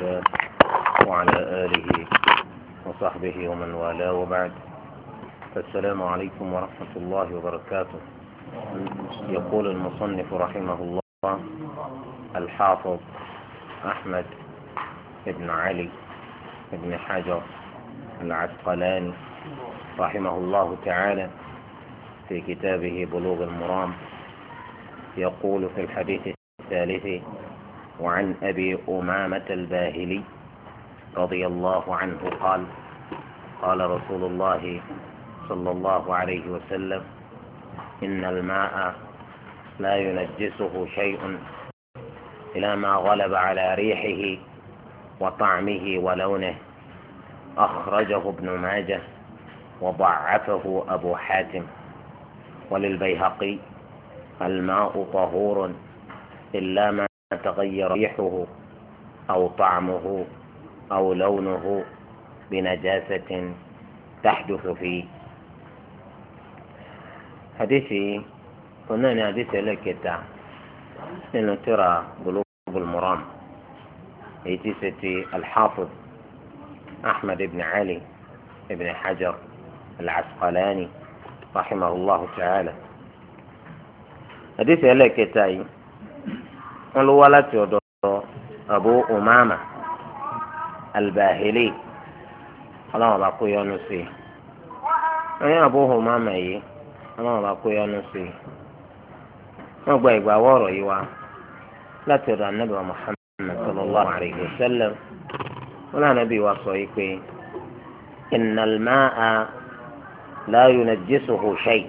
الله وعلى آله وصحبه ومن والاه وبعد فالسلام عليكم ورحمة الله وبركاته يقول المصنف رحمه الله الحافظ أحمد بن علي بن حجر العسقلاني رحمه الله تعالى في كتابه بلوغ المرام يقول في الحديث الثالث وعن أبي أمامة الباهلي رضي الله عنه قال قال رسول الله صلى الله عليه وسلم إن الماء لا ينجسه شيء إلى ما غلب على ريحه وطعمه ولونه أخرجه ابن ماجه وضعفه أبو حاتم وللبيهقي الماء طهور إلا ما تغير ريحه أو طعمه أو لونه بنجاسة تحدث فيه حديثي قلنا أن حديث لكتا إنه ترى قلوب المرام يتيستي الحافظ أحمد بن علي بن حجر العسقلاني رحمه الله تعالى حديثي لك لكتا wọn ló wá láti ọ̀dọ̀ Abu Umama Al-Bahili ọlọ́wọ́n bá kó yọnu sí i ẹ̀yìn Abu Umama yìí ọlọ́wọ́n bá kó yọnu sí i wọ́n gba ìgbà wọ́ọ̀rọ̀ yìí wá láti ọ̀dọ̀ anábì wa Muhammad sallallahu alayhi wa sallam wọn lànà wa sọ yìí pé innal ma'a la yunajjisuhu shay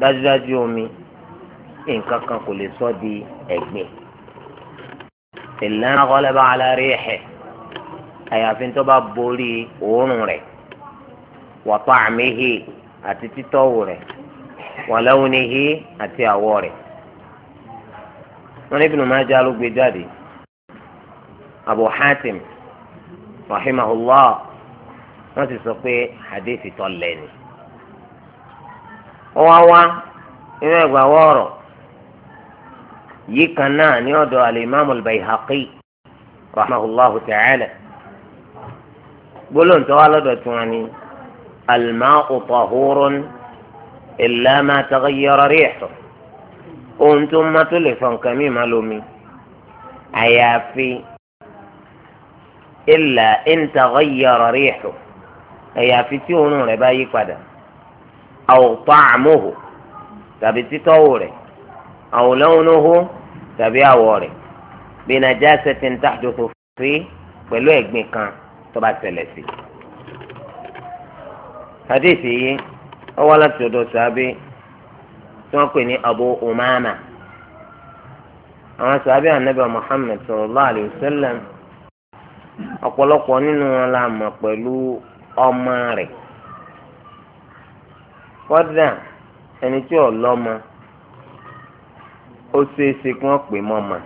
dájúdájú omi nǹkan kan kò lè sọ di ẹ̀gbin ìlànà kọlẹ́bà alárí ẹ̀hẹ̀ àyàfi tó bá borí òórùn rẹ̀ wàtọ́ àmìhì àti títọ́wò rẹ̀ wàlẹ́wùnìhì àti àwọ̀ rẹ̀ wọn Ibn Majah ló gbé jáde Abu Hatim rahimahullah wọn sì sọ pé hadithi tó lẹ́ni. ó wá inú ẹ̀gbà wọ́ọ̀rọ̀ yìí kan náà ní ọ̀dọ̀ alimami albayhaqi rahmatulahu ta'ala gbólóhùn tó wá lọ́dọ̀ tí wọ́n ní alma'u tahurun illa ma taghayyara rihu ohun tó má tó lè fọ nǹkan míì má lómi àyàfi illa in taghayyara rihu àyàfi tí òórùn rẹ̀ bá yí padà aw ta'muhu tàbí títọ́wò rẹ̀ aw lawnuhu. tàbí àwọ̀ rẹ̀ bí najasatin tahdathu fi pẹ̀lú ẹ̀gbin kan tó bá ṣẹlẹ̀ sí. hadithi yìí ó wá láti ọ̀dọ̀ sàábé tí wọ́n pè ní Abu Umama àwọn Muhammad sallallahu alayhi wa sallam ọ̀pọ̀lọpọ̀ la mọ̀ pẹ̀lú ọmọ rẹ̀ kódà ẹni tí ò lọ́mọ ó ṣeé ṣe kí wọ́n pè mọ́ mà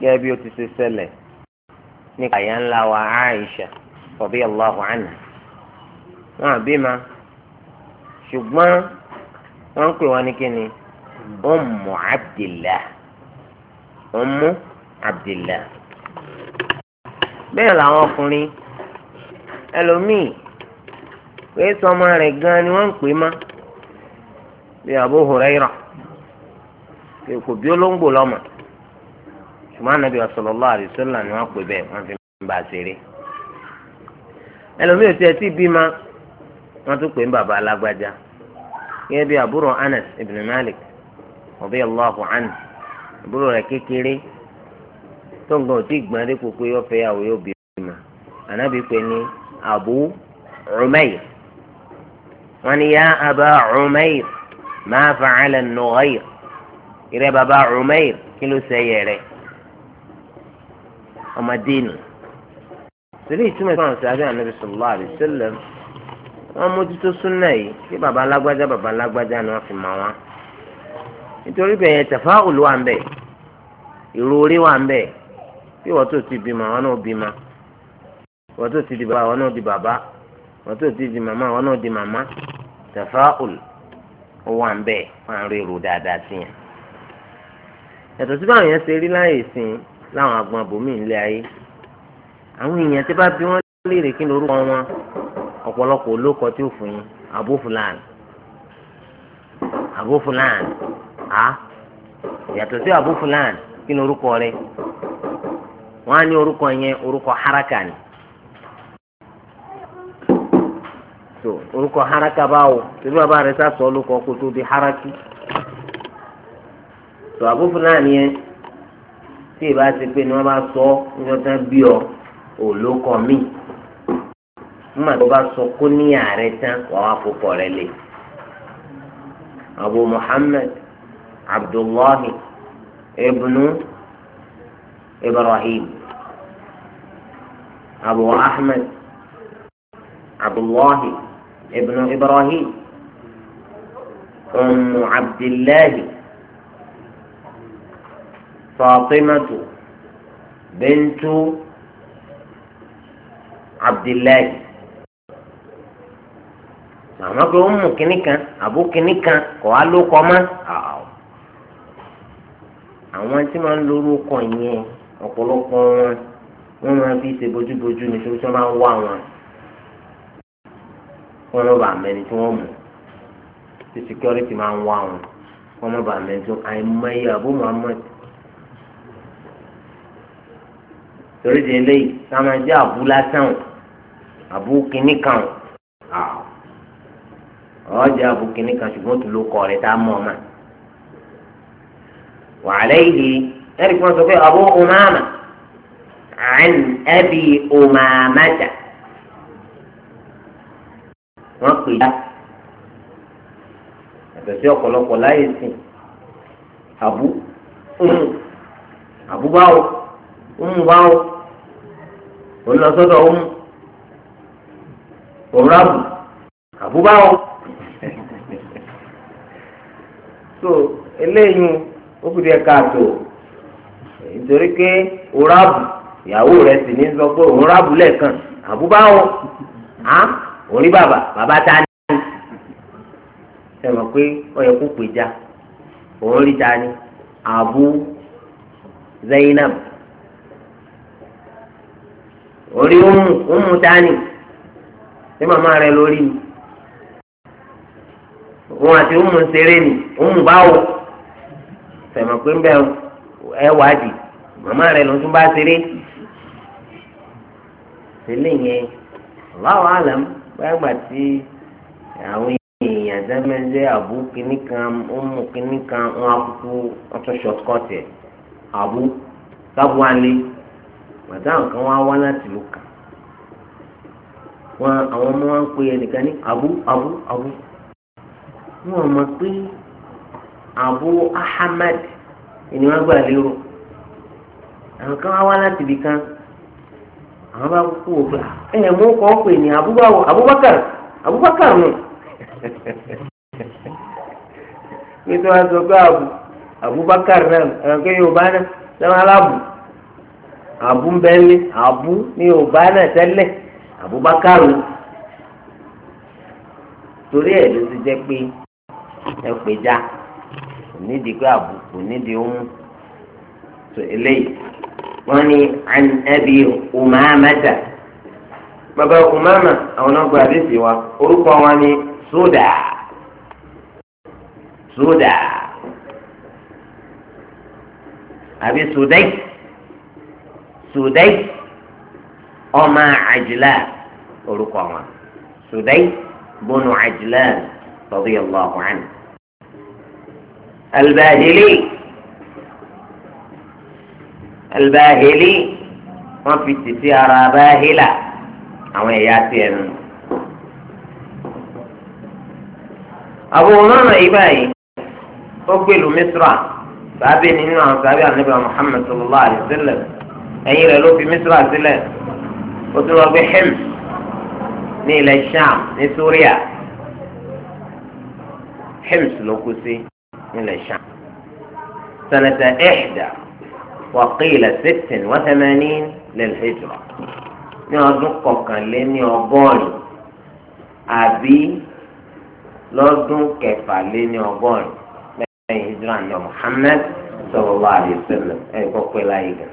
gẹ́gẹ́ bí ó ti ṣe ṣẹlẹ̀ nípa àyà ńlá wa Aisha radiyallahu anha wọn àbí ma ṣùgbọ́n wọ́n ń pè wọ́n ní kíni Ummu Abdillah Ummu Abdillah bẹ́ẹ̀ làwọn ọkùnrin ẹlòmíì pé sọmọ rẹ̀ gan ni wọ́n ń pè má bí Abu Hurairah. kò bí olóńgbò lọ́mọ ṣùgbọ́n anabi sallallahu alaihi wasallam ni wọ́n pè bẹ́ẹ̀ wọ́n fi ń bá a ṣeré ẹlòmíì tí ẹ ti bímọ wọ́n tún pè ń bàbá alágbájá Anas ibn Malik àbúrò rẹ̀ kékeré tó ń ò tí ì gbọ́n anabi pè ní Abu wọ́n ní ma ìrẹ́ bàbá Umair kí ló sẹ́yẹ rẹ̀ ọmọdé nù torí ìtumọ̀ ìfọ̀n sábẹ́ ànábi sallallahu alaihi wasallam wọ́n mójútó súnà yìí bí baba alágbájá baba alágbájá ni wọ́n fi mọ̀ wọ́n nítorí bẹ́ẹ̀ yẹn tafa'ul wà ń bẹ̀ ìròrí wà ń bẹ̀ bí wọ́n tó ti bímọ àwọn náà bímọ wọ́n tó ti di bàbá àwọn náà di bàbá wọ́n tó ti di màmá àwọn náà di màmá tafa'ul wà ń bẹ̀ wọ́n á rí èrò dáadáa sí yẹn. yàtọ̀ sí báwọn èèyàn ṣe rí láàyè sìn láwọn agbọn abòmí ńlẹ̀ ayé àwọn èèyàn tí bá bí wọ́n léèrè kí ni orúkọ wọn ọ̀pọ̀lọpọ̀ olókọ tí ò fún yín Abu Fulan Abu Fulan a ni orúkọ rẹ haraka ni so orúkọ haraka báwo tí bàbá rẹ sá sọ kó tó di haraki. tó àbúfù náà nìyẹn tí ìbá ti pé ni wọ́n bá sọ ọ́ níjọ́ tán bí ọ òlókọ mi nígbà tó bá sọ kó ní ààrẹ tán wàá wá fòkọ rẹ lé abu muhammad abdullahi ibnu ibrahim abu ahmed abdullahi ibnu ibrahim ọmọ abdullahi. فاطمة بنت عبد الله màmá pé ó mú kinní kan àbó kinní kan kò á ló kọ mọ́ àwọn tí máa ń lóró kọ yẹn ọ̀pọ̀lọpọ̀ wọn wọ́n máa fi ṣe bójúbójú ni tí wọ́n máa ń wá wọn wọ́n lọ́ bàa mẹ́ni tí wọ́n mú tí security máa ń wá wọn wọ́n lọ́ bàa mẹ́ni tí wọ́n àìmọye àbó Muhammad torí di eléyìí ká máa jẹ́ àbú lásán àbú kínní kan ọ̀ ah. jẹ́ àbú kínní kan ṣùgbọ́n tó ló kọ́ rẹ̀ tá a mọ̀ ọ́ mà. wàhálẹ́ yìí ẹ̀rí kan sọ pé àbú umama àn ẹ̀bí umamata wọ́n pè é yàtọ̀ sí ọ̀pọ̀lọpọ̀ láyé sìn àbú àbú báwo. ụmụ báwo òun lọ sọ́dọ̀ umu òun so eléyìí ó fi di ẹ̀ka àtò nítorí pé òun ìyàwó rẹ̀ sì ní sọ pé ha lẹ́ẹ̀kan àbú báwo á òun rí bàbá ta ni ẹ mọ̀ Zainab. orí òmù òmù dání ṣé màmá rẹ lórí ni òun àti òmù ṣeré ni òmù báwo fẹ̀mọ̀ pé ń bẹ ẹ wádìí màmá rẹ ló tún bá ṣeré ṣẹlẹ̀ yẹn láwọn àlàm gbàgbà tí àwọn èèyàn dẹ́mẹ́jẹ́ àbú kínní kan òmù kínní kan wọn á kúkú wọn tún àbú sábúwálé màtáwọn kan wá wá láti ló kàn wọn àwọn ọmọ wa ń pe ẹnìkan ní abu abu abu wọn mọ̀ pé abu Ahmed, ni wọn gbà lérò àwọn kan wá wá láti ibì kan àwọn bá kú wò pé ah, ẹ mú kọ́ pè ní abúbáwò abubakar abubakar nù nítorí wọn sọ pé abubakar náà ẹ̀ ń kẹ́ yorùbá náà lọ́wọ́ aláàbò àbú bẹ́ẹ̀lì àbú ní yorùbá na tẹ́lẹ̀ àbúbákàrò torí ẹ̀ ló ti jẹ́ pé ẹ pèjá kò nídìí pé àbú kò nídìí ohun tó eléyìí wọ́n ní ẹbí umamata bàbá umama àwọn náà gba àdéhùn wa orúkọ wọn ní soda. sódà àbí sódà sùdẹ́ì ọmọ àjìlá orúkọ wọn sùdẹ́ì bọ́nù àjìlá radiyallahu anhu. albahili albahili wọ́n fi títí ara bahila àwọn ẹ̀yà tiẹ̀ nù. àbòrán yìí báyìí ó gbèlú misra sábẹ́ nínú àwọn sábẹ́ àníbà muhammad sallallahu alayhi wa sallam ẹ̀yìn rẹ̀ ló fi misra sílẹ̀ ó tún lọ gbé him ní ilẹ̀ sham ní suria hims ló kú sí ní ilẹ̀ sham sanata ihda wa qila sittin wa thamanin lil hijra ní ọdún kọkànléní ọgọ́rin àbí lọ́dún kẹfàléní ọgọ́rin lẹ́yìn hijra ní Muhammad sallallahu alaihi wasallam ẹ̀ kọ́ pé láyé gan.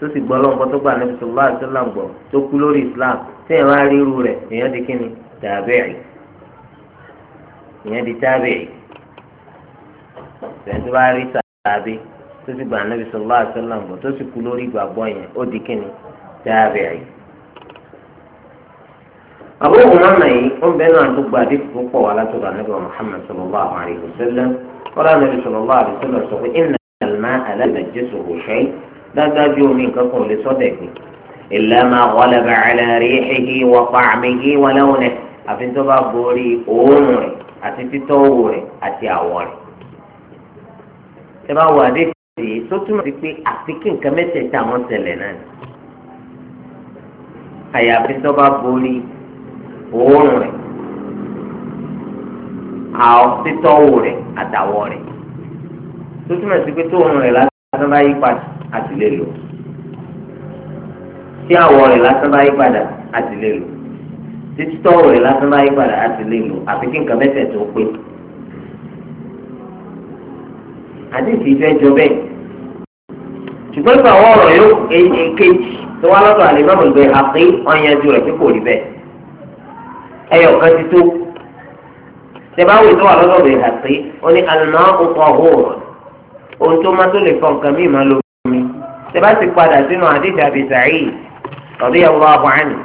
tó sì gbọ́ lọ́nkọ́ tó gbà ní bisimilá àtúnlá gbọ́ tó kú lórí islam tí èèyàn bá rí irú rẹ̀ èèyàn di kíni tàbíì èèyàn di tàbíì tẹ̀sí bá rí tàbí tó sì gbà ní bisimilá àtúnlá gbọ́ tó sì kú lórí ìgbàgbọ́ yẹn ó di kíni tàbíì. Abu Umama yìí ó ń bẹ́ẹ̀ náà tó gba àdìsí tó pọ̀ wá látọ̀dọ̀ Ànábì Muhammad sallallahu alayhi wa sallam wọ́n lánàá Nabi sallallahu alayhi wa sallam sọ pé ìnà àlùmá àlàyé dájúdájú omi nǹkan kan ò lè sọ́dẹ̀ gbé illa ma ghalaba ala rihihi wa ta'mihi wa lawnihi àfi tó bá borí òórùn rẹ̀ àti títọ́wò rẹ̀ àti àwọ̀ rẹ̀. ẹ bá wà dé èyí tó túmọ̀ sí pé àfi kí nǹkan mẹ́tẹ̀ẹ̀ta àwọn ṣẹlẹ̀ náà ni. àyàfi tó bá borí òórùn rẹ̀ àwọn títọ́wò rẹ̀ àtàwọ̀ rẹ̀ tó túmọ̀ sí pé tóórùn rẹ̀ lásán bá yí padà a sì lè lò tí àwọ̀ rẹ̀ lásán bá yí padà a sì lè lò títí tọ́wọ̀ rẹ̀ lásán bá yí padà a sì lè lò àfi kí nǹkan mẹ́sẹ̀ tó pé àdéhùn ìfẹ́ jọ bẹ́ẹ̀ ṣùgbọ́n ìgbà àwọn ọ̀rọ̀ yóò èkejì tó wá lọ́dọ̀ àlè mọ́mọ́ ìgbẹ́ àpé ọ̀yanjú rẹ̀ tí kò rí bẹ́ẹ̀ ẹyọ kan ti tó tẹ̀báwò tó wà lọ́dọ̀ ìgbẹ́ àpé ó ní àlùmọ́ ọkọ̀ ọ̀hún ohun tó má tó lè fọ nǹkan míì má ló tẹ́bátì padà sínú àdéhùn Abi Sa'id radiyallahu anhu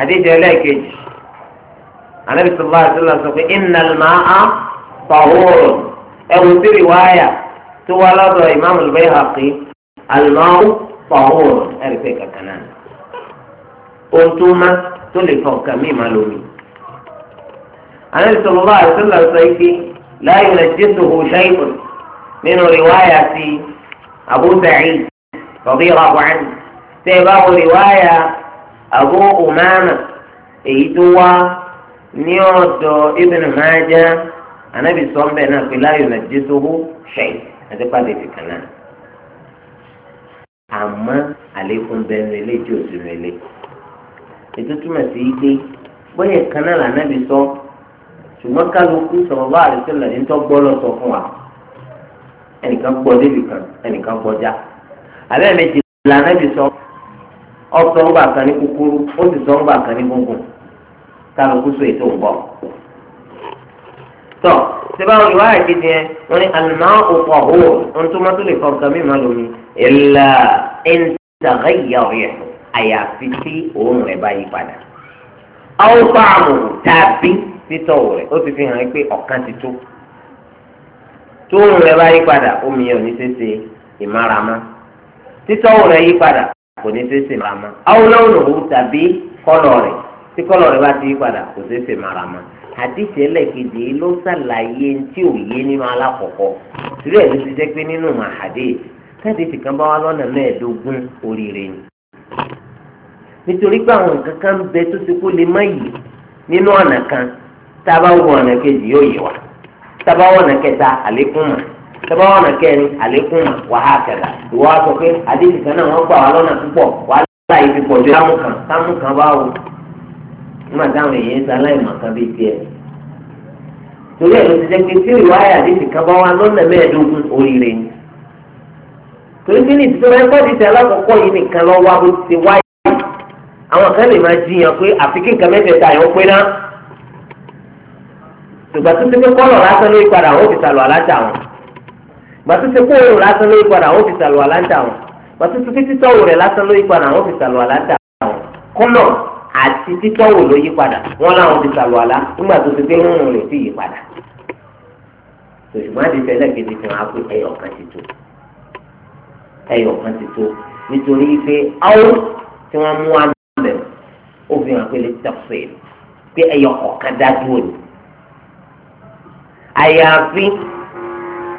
àdéhùn ẹlẹ́ẹ̀kejì anabi sallallahu alaihi wasallam sọ pé innal ma'a tahurun ẹ̀wù sí rìwáyà tó wá lọ́dọ̀ imam al-Bayhaqi al-ma'u tahurun ẹ̀rì pé kankan náà ohun tó má tó lè fọ nǹkan mí má lómi. anabi sallallahu alaihi wasallam sọ pé la yunajjisuhu shay'un nínú rìwáyà ti Abu Sa'id radiyallahu anhu tẹ́ ẹ bá wọ rìwáyà Abu Umama èyí tó wá ní ọ̀dọ̀ Ibn Majah anábì sọ́ńbẹ̀ náà pé láyò náà jẹ́ sówó ṣẹ̀yìn àti pàdé kìkan náà àmọ́ àlékún bẹ́ẹ̀ ní ilé òsì rẹ̀ ètò túmọ̀ sí pé bóyá kan náà lànàbì sọ ṣùgbọ́n kálukú sọ̀rọ̀ bá àrísẹ́ lẹ́yìn gbọ́ lọ fún wa ẹnìkan gbọ́ débì ẹnìkan gbọ́ já abẹ́ méjì lànà bí sọ ọ̀sọ̀ ńgbà kan ní kúkúrú ó sì sọ ńgbà kan ní gbogbo kálukú so ètò ń bọ̀. tọ́ sẹ́báwò ìwà àkejì yẹn wọ́n ní àná òpó òwò ohun tó máa tó lè fọ nǹkan mí máa lómi ìlà ẹni tàgá ìyá ọ̀yẹ̀ àyàfi tí òórùn rẹ̀ bá yí padà. àwọn fáàmù tàbí títọ̀ rẹ̀ ó ti fi hàn pé ọ̀kan ti tó. tóórùn rẹ̀ bá yí padà omi yẹn ò ní ṣe ìmáramá. títọ́wò rẹ̀ yí padà kò ní ṣe ṣe máa ma awolowolo tàbí kọ́lọ̀ rẹ̀ tí kọ́lọ̀ rẹ̀ bá ti yí padà kò ṣe é ṣe máa ma àdìsí ló ṣàlàyé tí ò yé nínú alákọ̀ọ́kọ́ sílẹ̀ ẹ̀ ló ti jẹ́ pé nínú màhàdé káàdì kan bá wà lọ́nà mẹ́ẹ̀ẹ́dógún oríire ni nítorí pé àwọn nǹkan kan bẹ tó ti kó lè má yìí nínú ọ̀nà kan tá a tẹ́bá wọn nàkẹ́ ni àlékún wàhálà kẹta ìwọ aṣọ pé àdéhùn kan náà wọ́n gbà wá lọ́nà púpọ̀ wàhálà yìí ti pọ̀ ju sámú kan sámú kan bá wò nígbà táwọn èèyàn ń sáláì màkà bíi tiẹ̀. torí ẹ̀ ló ti jẹ́ pé tí àdéhùn kan bá lọ́nà mẹ́ẹ̀ẹ́dógún oríire ni. torí ìtura ẹgbẹ́ alákọ̀ọ́kọ́ yìí nìkan lọ wá bó ti wáyé àwọn kan lè gbàtú ti kó òun lásán lórí padà àwọn fi sàlùwà láńtà wọn gbàtú ti fi títọ́wò rẹ̀ lásán lórí padà àwọn fi sàlùwà láńtà wọn kọ́nà àti títọ́wò ló yí padà wọn làwọn fi sàlùwà lá nígbà tó ti gbé hùn rẹ̀ sí yí padà tòṣùmọ́ àdìsẹ́ lẹ́gẹ̀dẹ̀ fi hàn á pé ẹyọ kan ti tó ẹyọ kan ti tó nítorí pé áwọ̀ tí wọ́n mú wá bẹ̀ ó fi hàn pé lè tẹ̀sẹ̀ pé ẹyọ kọ̀ọ̀kan dá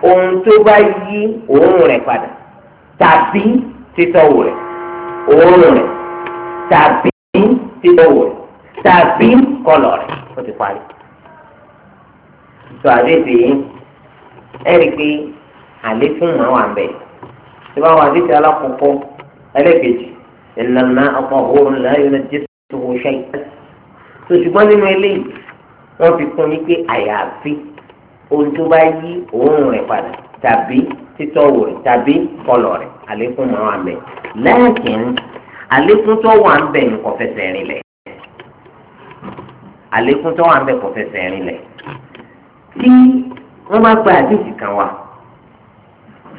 ohun tó bá yí òórùn rẹ̀ padà tàbí títọ́wò rẹ̀ òórùn rẹ̀ tàbí títọ́wò rẹ̀ tàbí kọlọ̀ rẹ̀ ó ti parí. sọ àdéhùn yìí ẹ rí i pé àlékún máa wà ń bẹ̀ tí wọ́n wá àdéhùn alákòókò ẹlẹ́kejì ìlànà ọkọ̀ òórùn láyé náà jésù tó wọ́n ṣe é. sọ nínú eléyìí wọ́n fi kún ní pé àyàfi. ohun tó bá yí òórùn padà tàbí títọ́wò rẹ̀ tàbí kọlọ rẹ̀ àlékún mọ́ àmẹ́ lẹ́ẹ̀kìn àlékún tó wà ń bẹ̀ nǹkan fẹsẹ̀ rìn lẹ̀ àlékún tó wà ń bẹ̀ kò fẹsẹ̀ rìn lẹ̀ tí wọ́n bá gba àdéhùn kan wá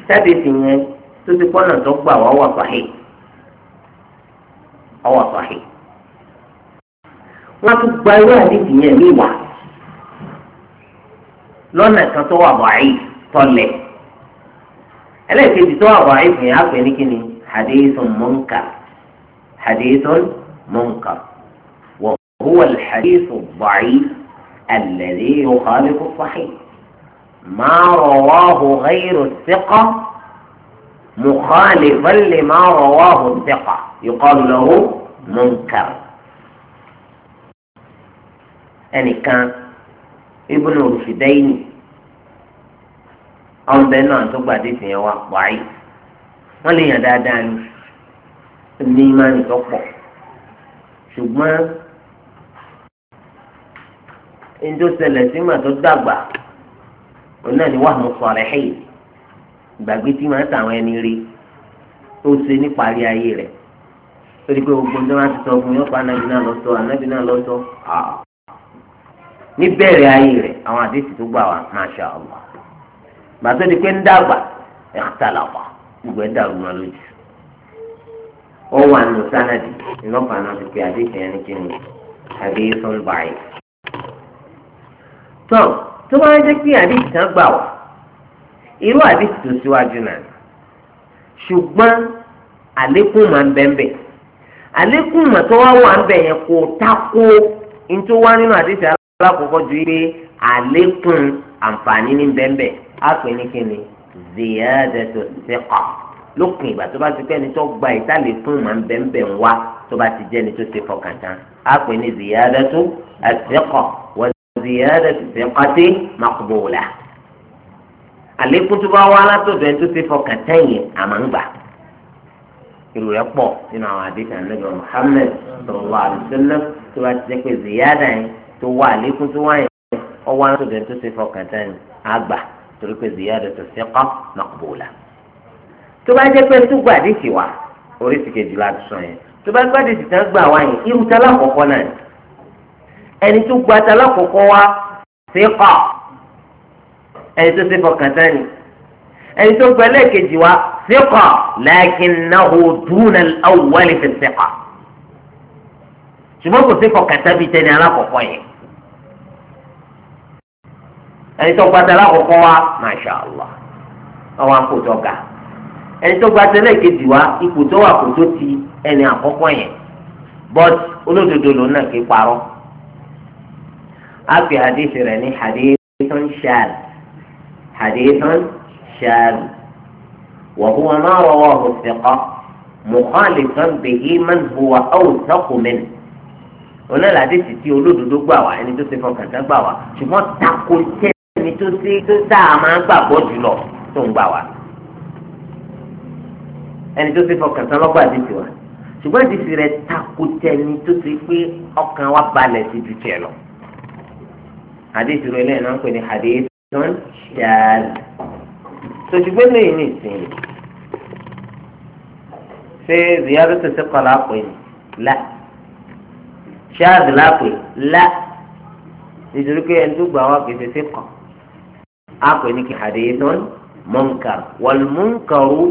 sábẹ́ fi yẹn tó ti pọ́nà tó gbà wá wà fàáhì ọwà fàáhì wọ́n lọ́nà kan tó wà bàáyì tọ́lẹ̀ ẹlẹ́ẹ̀kejì tó wà bàáyì fún yà pé ní kíni hadithun munkar hadithun munkar wa hadithun huwa alhadithu bàáyì alladhi yukhalifu as-sahih ma rawahu ghayru thiqa mukhalifan lima rawahu thiqa yuqalu lahu munkar ẹnìkan. ibùdó òfìdẹ́yìn àwọn ọbẹ̀ náà tó gbàdé fi yẹn wá wáyé wọ́n lè yàn dáadáa ni ní imáni tó pọ̀ ṣùgbọ́n ẹnjọ́ ṣẹlẹ̀ sí màá tó dàgbà òun náà ni wà mú sọ̀rọ̀ ẹ̀hìn ìgbàgbé tí màá tàwọn ẹni rí tó ṣe níparí ayé rẹ̀ torí pé gbogbo ti sọ fún yọ́pọ̀ anábì náà lọ́tọ́ anábì náà lọ́tọ́ níbẹ̀rẹ̀ ayé rẹ̀ àwọn àdéhùn tó gbà wá masha allah gbàtó di pé ń dàgbà ẹ̀kátàlàpà gbogbo ẹ̀ dàrú ma lójú ó wà nù sánàdì ìlọ́pàá náà ti pé àdéhùn yẹn ní kí ni àdéhùn tó ń bá yìí. tó bá ń jẹ́ pé àdéhùn kan gbà wá irú àdéhùn tó síwájú náà ṣùgbọ́n àlékún máa ń wá alákòókò ju pé àlékún àǹfààní ní bẹ́ẹ̀nbẹ́ẹ̀ á pè ní kíni ziyadatu thiqa lópin ìgbà tó bá ti pẹ́ ni tó gba ìtàlékún máa ń bẹ́ẹ̀nbẹ́ẹ̀ ń wá tó bá ti jẹ́ ni tó ti fọkàn tán á pè ní ziyadatu thiqa wa ziyadatu thiqati maqbula àlékún tó bá wá látọ̀dọ̀ ẹni tó ti fọkàn tán yẹn àmọ́ ń gbà irú rẹ̀ pọ̀ nínú àwọn àdéhùn ànábì Muhammad sallallahu alaihi wasallam tó bá ti jẹ́ tó wà lékún tó wáyé ọwọ́ àtúndẹ̀ tó ṣe fọkàn tán ni àgbà torí pé ziyada tó ṣe kọ́ maqbula. tó bá jẹ́ pé tó gbà dìtì wá oríṣi kejì la sọ yẹn tó bá gbà dìtì tán gbà wá yẹn irú tálá kọ̀ọ̀kọ́ náà ẹni tó gbà tálá kọ̀ọ̀kọ́ wá ṣe kọ́ ẹni tó ṣe fọkàn tán ni ẹni tó gbà lẹ́ẹ̀kejì wá ṣe kọ́ lakinnahu duna al-awwal fi ṣe kọ́ ṣùgbọ́n kò sí kọkàtà bíi tẹni alákọ̀ọ́kọ́ yẹn ẹni tó gba tẹlẹ àkọ́kọ́ wa masha allah ọwọ́ àpò tó ga ẹni tó gba tẹlẹ kejì wa ipò tó wà kò tó ti ẹni àkọ́kọ́ yẹn but olódodo lòun náà kì í parọ́ àpè hadith rẹ̀ ní hadithun shad hadithun shad wa huwa ma rawahu thiqa mukhalifan bihi man huwa awthaq minhu onílàdé sì ti olódodo gbà wá ẹni tó ṣe fọkàntán gbà wá ṣùgbọ́n tako tẹ́ ẹni tó ṣe tó tá a máa gbàgbọ́ jùlọ tó ń gbà wá ẹni tó ṣe fọkàntán lọ́gbà àdìsí wa ṣùgbọ́n àdìsí rẹ̀ tako tẹ́ ẹni tó ṣe pé ọkàn wa balẹ̀ sí ju tiẹ̀ lọ àdìsí rẹ̀ lẹ́yìn náà ń pè ní àdìsí tó ń ṣáàlì sọ̀tùgbẹ́ lẹ́yìn nìsín ṣé ziyarọ̀ tẹ̀sẹ̀ kọ́ la pè ní la ṣáàdì lápè lá nítorí pé ẹni tó gbà wá kìí ṣe kàn á pè ní kí hadithun munkar wal munkaru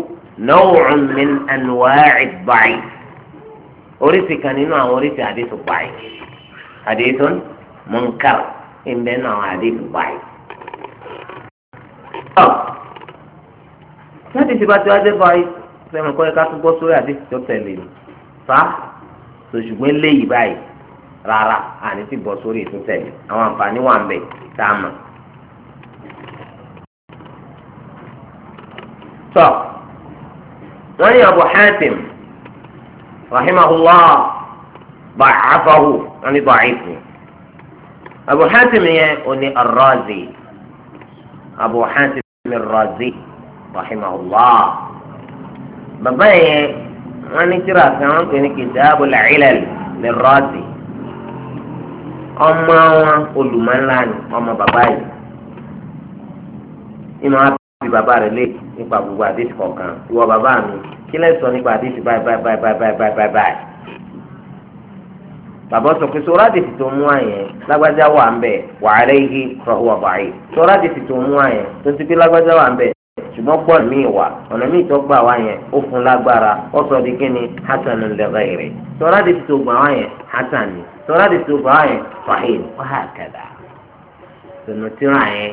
naw'un min anwa'i ad-da'if oríṣi kan nínú àwọn oríṣi hadithu da'if hadithun munkar ìbẹ́ nínú àwọn hadithu da'if. láti ti bá ti wá dé báyìí sẹ́mi kọ́ ẹ ká tún bọ́ sórí hadithu tó tẹ̀lé fa sòṣùgbọ́n léyìí báyìí rárá àní ti bọ́ sórí ìtúntẹ̀lé àwọn àǹfààní wà ń bẹ̀ tá a mọ̀. tọ́ wọ́n ní Abu Hatim rahimahullah bàcáfàhù wọ́n ní bàcífù Abu Hatim yẹn ò ní ar-Razi Abu Hatim ar-Razi rahimahullah bàbá yẹn wọ́n ní tíra kan wọ́n pè ní Kitabul Ilal lir-Razi. ọmọ wọn olùmọ̀ńlá ni ọmọ bàbá yìí inú wa bàbá rẹ̀ lé nípa gbogbo àdéhùn kọ̀ọ̀kan ìwọ bàbá mi kí lẹ́ sọ nípa àdéhùn báyìí báyìí báyìí báyìí báyìí bàbá sọ pé sọ́ra dèsì tó mú àyẹn lágbájá wà ń bẹ̀ rọ̀hùn sọ́ra tó mú àyẹn tó ti pé lágbájá wà ń bẹ̀ ṣùgbọ́n pọ̀ ọ̀nà míì tó gbà wá yẹn ó fún lágbára ó sọ di kí ni hasan lẹ́gbẹ̀ẹ́ tọ́lá ti tó bàá yẹn fàáyìn wàhà kàdà tònú tíra yẹn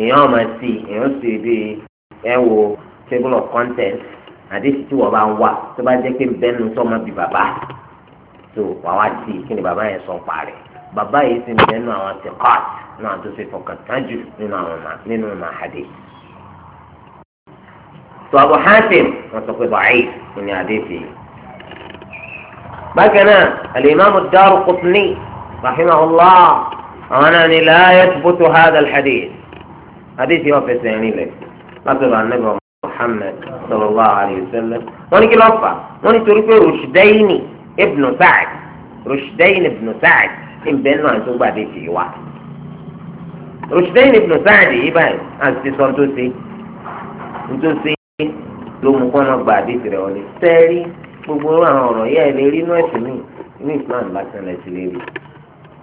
èèyàn ọmọ sí èèyàn sì bí ẹ wo table of content àdéhùn tí wọ́n bá ń wà tó bá jẹ́ pé bẹ́ẹ̀nu sọ́mọ bíi bàbá tó wàá wá sí kí ni bàbá yẹn sọ parí bàbá yìí sì bẹ́ẹ̀nu àwọn ti kọ́t náà tó ṣe fọkàn tán jù nínú àwọn ọmọ nínú ọmọ àdé. tó Abu Hatim wọ́n sọ pé bàáyì ni àdéhùn بكنا الإمام الدار قطني رحمه الله أنا لا يثبت هذا الحديث حديث يوفى سيني لك لقد عن نبو محمد صلى الله عليه وسلم وني كل أفا وني تريد رشدين ابن سعد رشدين ابن سعد إن بيننا أن تبع دي في واحد رشدين ابن سعد إبان أنت سنتوسي أنتوسي لو مكونك بعد دي سيري gbogbo àwọn ọ̀rọ̀ yẹ́ ẹ lè rí inú ẹ̀sìn mi inú Islam lásán lẹ́sí lè rí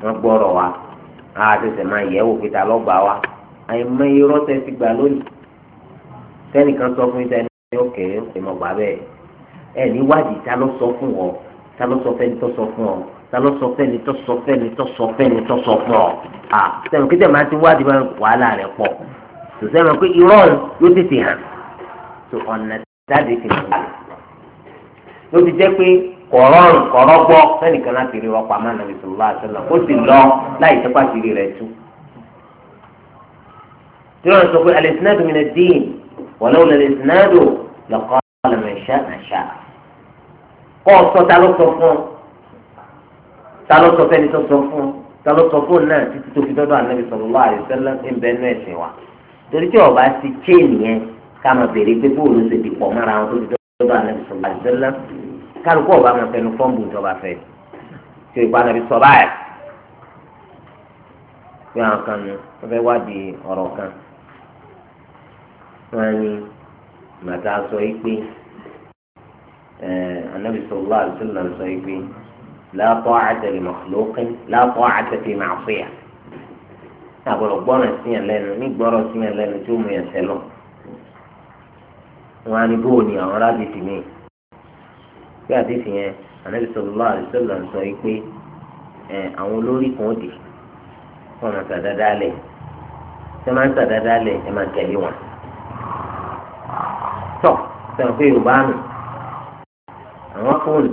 wọ́n gbọ́rọ̀ wa a tẹ̀sẹ̀ máa yẹ̀ wò pété alọ́gbà wa àìmọ irọ́ tẹ ti gbà lónìí sẹ́nìkan sọ fún ìtẹ́ni ọ̀kẹ́ ọ̀kẹ́ mọ̀ gbà bẹ́ẹ̀ ẹ̀ níwádìí ta ló sọ fún ọ ta ló sọ fẹ́ni tó sọ fún ọ ta ló sọ fẹ́ni tó sọ fẹ́ni tó sọ fẹ́ni tó sọ fún ọ à sẹ́nu kí tẹ̀mọ́ ti wádìí bá wàhálà rẹ̀ pọ̀ sọ̀sẹ́ mọ̀ pé irọ́ yóò tètè hàn so ọ̀nà jáde ti ló ti jẹ́ pé kọ̀rọ̀rùn kọ̀rọ̀gbọ́ sẹ́nìkan láti rí ọ̀pá máa nàbì sọ̀rọ̀ àṣẹlẹ̀ ó sì lọ láì tẹ́pá sí rí rẹ̀ tú. tí wọ́n sọ pé alẹ́sìnádùn mi lè dín wọ́n lọ́wọ́ alẹ́sìnádùn lọ́kọ́ ọ̀làmẹ̀ṣẹ́ àṣà. kọ́ ọ sọ ta ló sọ fún ọ ta ló sọ fẹ́ni tó sọ fún ọ ta ló sọ fún ọ náà títí tó fi dọ́dọ̀ ànábì sọ̀rọ̀ àṣẹlẹ̀ ń bẹ́ẹ̀ náà ẹ̀sìn ìjọba anabi sọ̀rọ̀ àdìsẹ́lẹ̀ kálukú ọba máa fẹnu fọ́ǹbù ìjọba fẹ́ tí ìpa anabi sọ báyìí pé àwọn kan nu wọ́n fẹ́ wádìí ọ̀rọ̀ kan wọ́n á ní màtá sọ yìí pé anabi sọ̀rọ̀ àdìsẹ́lẹ̀ sọ yìí pé láàpọ̀ àtẹ̀lẹ̀ mọ̀lókè láàpọ̀ àtẹ̀lẹ̀ màfíà àgbọ̀rọ̀ gbọ́rọ̀ sí yẹn lẹ́nu ní gbọ́rọ̀ sí yẹn lẹ́nu tí ó mú yẹn sẹ́lọ̀ wọn á ní bóò ni àwọn rádìsì mi pé àdìsì yẹn ànábì sallallahu alaihi wasallam sọ yìí pé àwọn olórí kan dì wọn máa sàdáadáa lẹ ṣé máa ń sàdáadáa lẹ ẹ máa tẹ̀lé wọn tọ sọ pé yorùbá nù àwọn fóònù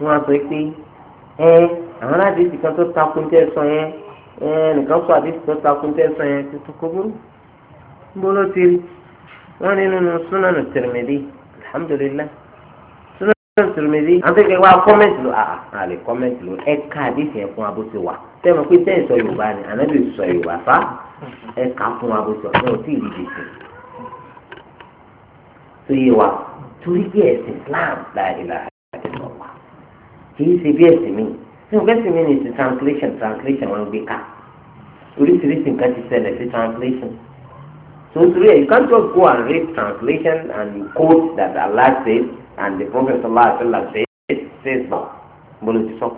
wọn á sọ pé ẹ àwọn rádìsì kan tó takun tẹ sọ yẹn ẹ nìkan sọ àdìsì tó takun tẹ sọ yẹn tuntun kò burú ń bọ́ ló ti rí wọ́n ní nínú súnánù tìrìmìdì alhamdulilayi súnánù tìrìmìdì àwọn tó kẹ́ wá kọ́mẹ́ntì ló àà àà lè kọ́mẹ́ntì ló ẹ ká àdìsí ẹ̀ fún abóso wa tẹ́wọ̀n pé tẹ́ ìsọ yorùbá ni ànábì sọ yorùbá fa ẹ ká fún abóso ẹ ò tí ì dìde sí tó yé wa torí bí ẹ̀sìn Islam láìla àdìsọ wa kì í ṣe bí ẹ̀sìn mi ṣùgbọ́n ẹ̀sìn mi ni ti translation translation wọn gbé ká oríṣiríṣi nǹkan ti ṣẹlẹ̀ sí translation. So today you can't just go and read translation and quote that Allah says and the Prophet ﷺ says says no. Bolo ti sọ.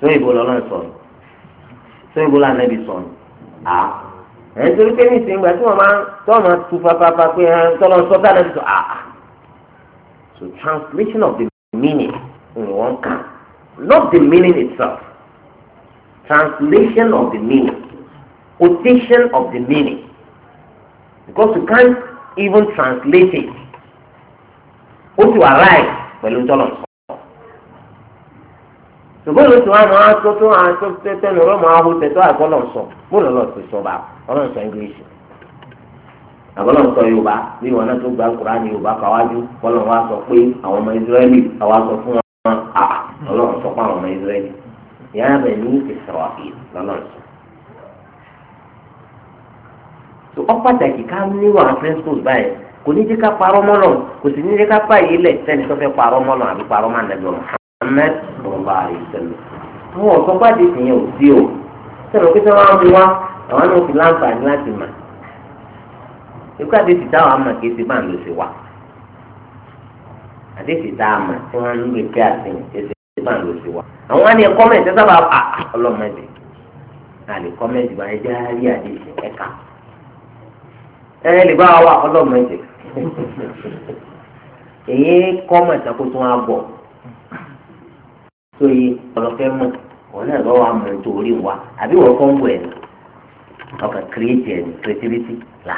So ibo lọ́nà sọ ni. So ibo lọ́nà ibi sọ you À ẹ̀ torí pé nísìnyí ìgbà tí wọ́n máa tọ́ ma tu papapa pé ẹ̀ tọ́lọ́ sọ dáná sọ translation of the meaning in one can, not the meaning itself. Translation of the meaning, quotation of the meaning. because you can't even translate it ó ti wà láì pẹ̀lú tọ́lọ̀ sọ. ṣùgbọ́n ló ti wá máa tó tó máa tó tẹ́nu ọ̀rọ̀ máa hó tẹ̀tọ́ àgọ́lọ̀ sọ bóòlù lọ sí sọba ọlọ́run sọ English àgọ́lọ̀ sọ Yorùbá bí wọn náà tó gba kura ní Yorùbá káwájú kọ́lọ̀ wa sọ pé àwọn ọmọ Israẹli àwa sọ fún wọn ọlọ́run sọ fún àwọn ọmọ Israẹli ìyá bẹ̀ ní ìsọ̀rọ̀ àfihàn lọ́lọ́run sọ. ọ pàtàkì ká níwà principles báyìí kò ní jẹ́ ká parọ́ mọ́ kò sì ní jẹ́ ká fàyè lẹ̀ sẹ́ni tó fẹ́ parọ́ mọ́ àbí parọ́ máa nàbí ọ̀nà o sẹ́ni òkè tí wọ́n á mú wá àwọn náà fi láǹfààní láti mà ikú àdéhùn táwọn wa àdéhùn táwọn àmà tí wọ́n ń àti wa àwọn á ní ẹ̀rẹ́ lè bá wa wà ọlọ́mọ ẹ̀jẹ̀ èyí kọ́ mọ̀ ìṣàkóso wọn bọ̀ sóye ọlọ́fẹ́ mọ̀ wọn náà lọ́wọ́ àmọ̀ ètò orí wa àbí wọ́n kọ́ bọ̀ ẹ̀ ọkàn kírẹ́tì ẹ̀ kírẹ́tìrìtì là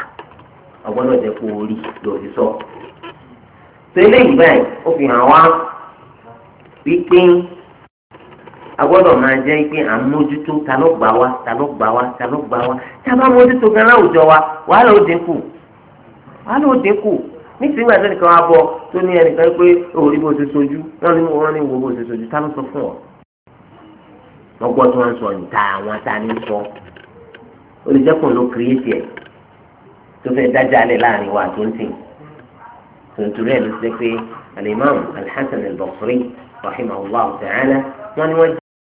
ọgbọ́dọ̀ jẹ́ kó orí sọ. agbọ́dọ̀ máa jẹ́ pé à ń mójútó ta ló gbà wá ta ló gbà wá ta ló gbà wá tá a bá mójútó gan láwùjọ wa wàhálà ó dínkù wàhálà ó dínkù nítorí wàhálà nìkan wá bọ tó ní ẹnìkan pé òòrí bó ti sojú wọn ní wọn ní wo bó ti sojú ta ló sọ fún ọ. wọ́n gbọ́ tí wọ́n ń sọ ní ta àwọn ta ní sọ olùjẹ́kùn ló kírètì ẹ̀ tó fẹ́ dájà alẹ́ láàrin wa tó ń tì tòǹtòrí ẹ̀ ló ti pé alimami ta'ala wọ́n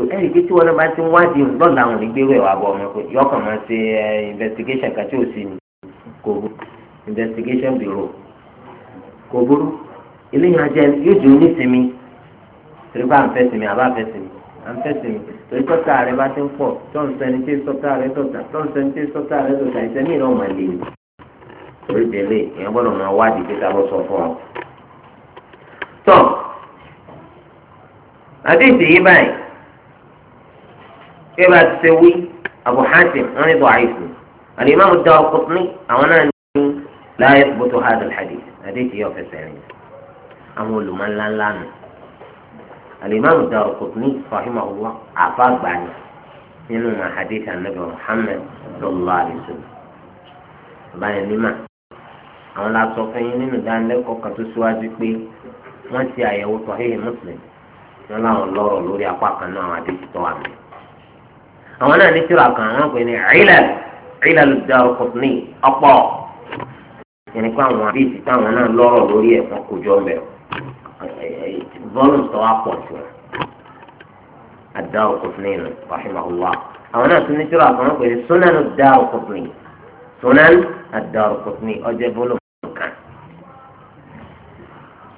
so ẹnì pé tí wọn náà bá ti ń wádìí ń lọ́la àwọn onígbèrú ẹ̀wà bọ̀ ọmọ pé yọkàn máa ṣe investigation kan tí ò sí ni kò burú investigation bureau kò burú eléyìí ajẹ́ yóò dùn ní sinmi torí pé à ń fẹ́ sinmi àbá fẹ́ sinmi à ń fẹ́ sinmi torí sọ́tà rẹ bá ti ń pọ̀ tó ń sẹni tí sọ́tà rẹ sọ́tà tó ń sẹni tí sọ́tà rẹ sọ́tà ìsẹ́mi náà mà lè torí délé èèyàn gbọ́dọ̀ máa wádìí pé táwọn sọ fún ọ. tọ́ àdéhùn yìí báyìí kí bá ti ṣe wí Abu Hatim wọn ní dọ̀ọ́ìfù Al-Imam ad-Daraqutni àwọn náà ní la yathbutu hadha al-hadith hadith yóò fẹsẹ̀ rìn àwọn olùmọ̀ ńláńlá nù Al-Imam ad-Daraqutni rahimahullah àfa gbani nínú hadith anabi Muhammad sallallahu alayhi wa sallam báyìí nímà àwọn la sọ fún yín nínú ìdánilẹ́kọ̀ọ́ kan síwájú pé wọ́n ti àyẹ̀wò Sahih Muslim wọn láwọn lọ́rọ̀ lórí apá kan náà àdéhùn tó wà àwọn náà ní tíra kan àwọn pè ní ilal ilal Daraqutni ọ̀pọ̀ yẹn ni pé àwọn àbíyèsí táwọn náà lọ́rọ̀ lórí ẹ̀ wọn kò jọ mẹ́rọ volumes tó wá pọ̀ jù ad-Daraqutni nù rahimahullah àwọn náà tún ní tíra kan wọn pè ní sunan ad-Daraqutni sunan ad-Daraqutni ọjọ́ bọ́lọ̀ kan.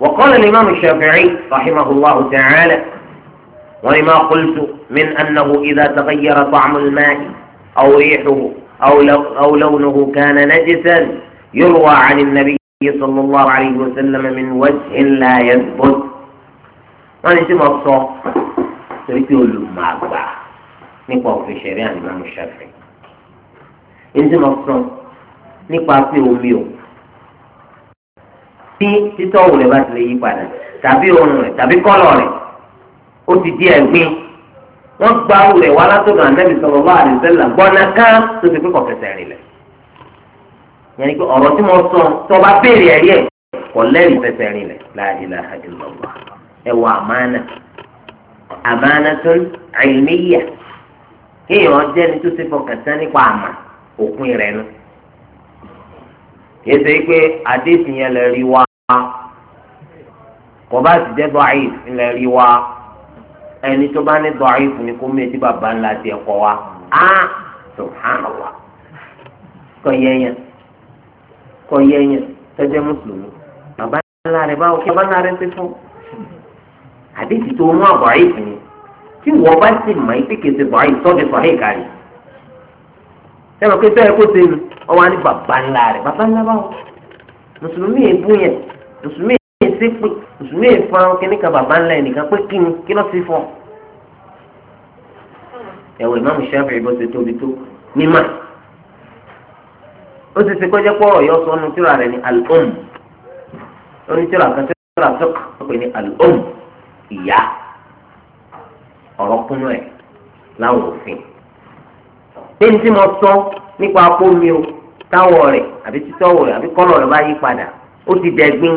وقال الإمام الشافعي رحمه الله تعالى وما قلت من أنه إذا تغير طعم الماء أو ريحه أو, لو أو لونه كان نجسا يروى عن النبي صلى الله عليه وسلم من وجه لا يثبت wọ́n ní tí mo sọ torí pé olùmọ̀ àgbà nípa òfin ṣẹ̀rí àti ìmọ̀ ṣẹ̀fẹ̀ ní tí mo sọ nípa pé omi o tí títọ́ òun rẹ̀ bá ti lè yí padà tàbí òun rẹ̀ tàbí kọ́lọ̀ rẹ̀ ó ti di ẹ̀gbin wọ́n gba awùrẹ̀ wá látọ̀dọ̀ ànábì sallallahu alaihi wasallam gbọ́nà kan tó ti pín kọ̀kẹ́sẹ̀ rìn lẹ̀ yẹn ni pé ọ̀rọ̀ tí mo sọ tọba béèrè ẹ̀rí ẹ̀ kọ̀ lẹ́rìí fẹsẹ̀ rìn lẹ̀ la ilaha illallah ẹ wọ àmánà àmánà tó àìníyà kéèyàn jẹ́ni tó ti fọkàntán nípa àmà ẹni tó bá ní dọ̀ọ́yìn fún ni kó mú etí bàbá ńlá ti ẹ̀kọ́ wa á subhanallah kọ́ yẹ́yẹ́ kọ́ yẹ́yẹ́ tẹ́jẹ́ mùsùlùmí bàbá ńlá rẹ̀ báwo kí bàbá ńlá rẹ̀ ti fún àdéhì tó mú àbọ̀ọ́yìn fún ni tí wọ́n bá sì mọ̀ ẹ́ kékeré ti bọ̀ọ́yìn sọ́dẹ̀ sọ̀hẹ́ ìkàrí sẹ́wọ̀n pé sẹ́yẹ kó sẹ́nu ọwọ́ á ní bàbá ńlá rẹ̀ bàbá ńlá báwo mùsùlùmí èsì pé mùsùlùmí èèfọ́ àwọn kìnnì kan bàbá ńlá ẹnìkan pé kí ni kí lọ́ọ́ sì fọ́. ẹ̀wọ̀ ìmáàmù Ṣáfi'í bó ṣe tóbi tó mímà ó ti ṣe kọjá pọ̀ ọ̀yọ́ sọ ọ́nù tíra rẹ̀ ní al-umm onítíra kan tíra tọ́k ó pè ní al-umm ìyá ọ̀rọ̀ kúnú ẹ̀ láwọn òfin. pé ní tí mo sọ nípa akómi o táwọ̀ rẹ̀ àbí títọ́wọ̀ rẹ̀ àbí kọ́lọ̀ rẹ̀ bá yí padà ó ti dẹ̀gbin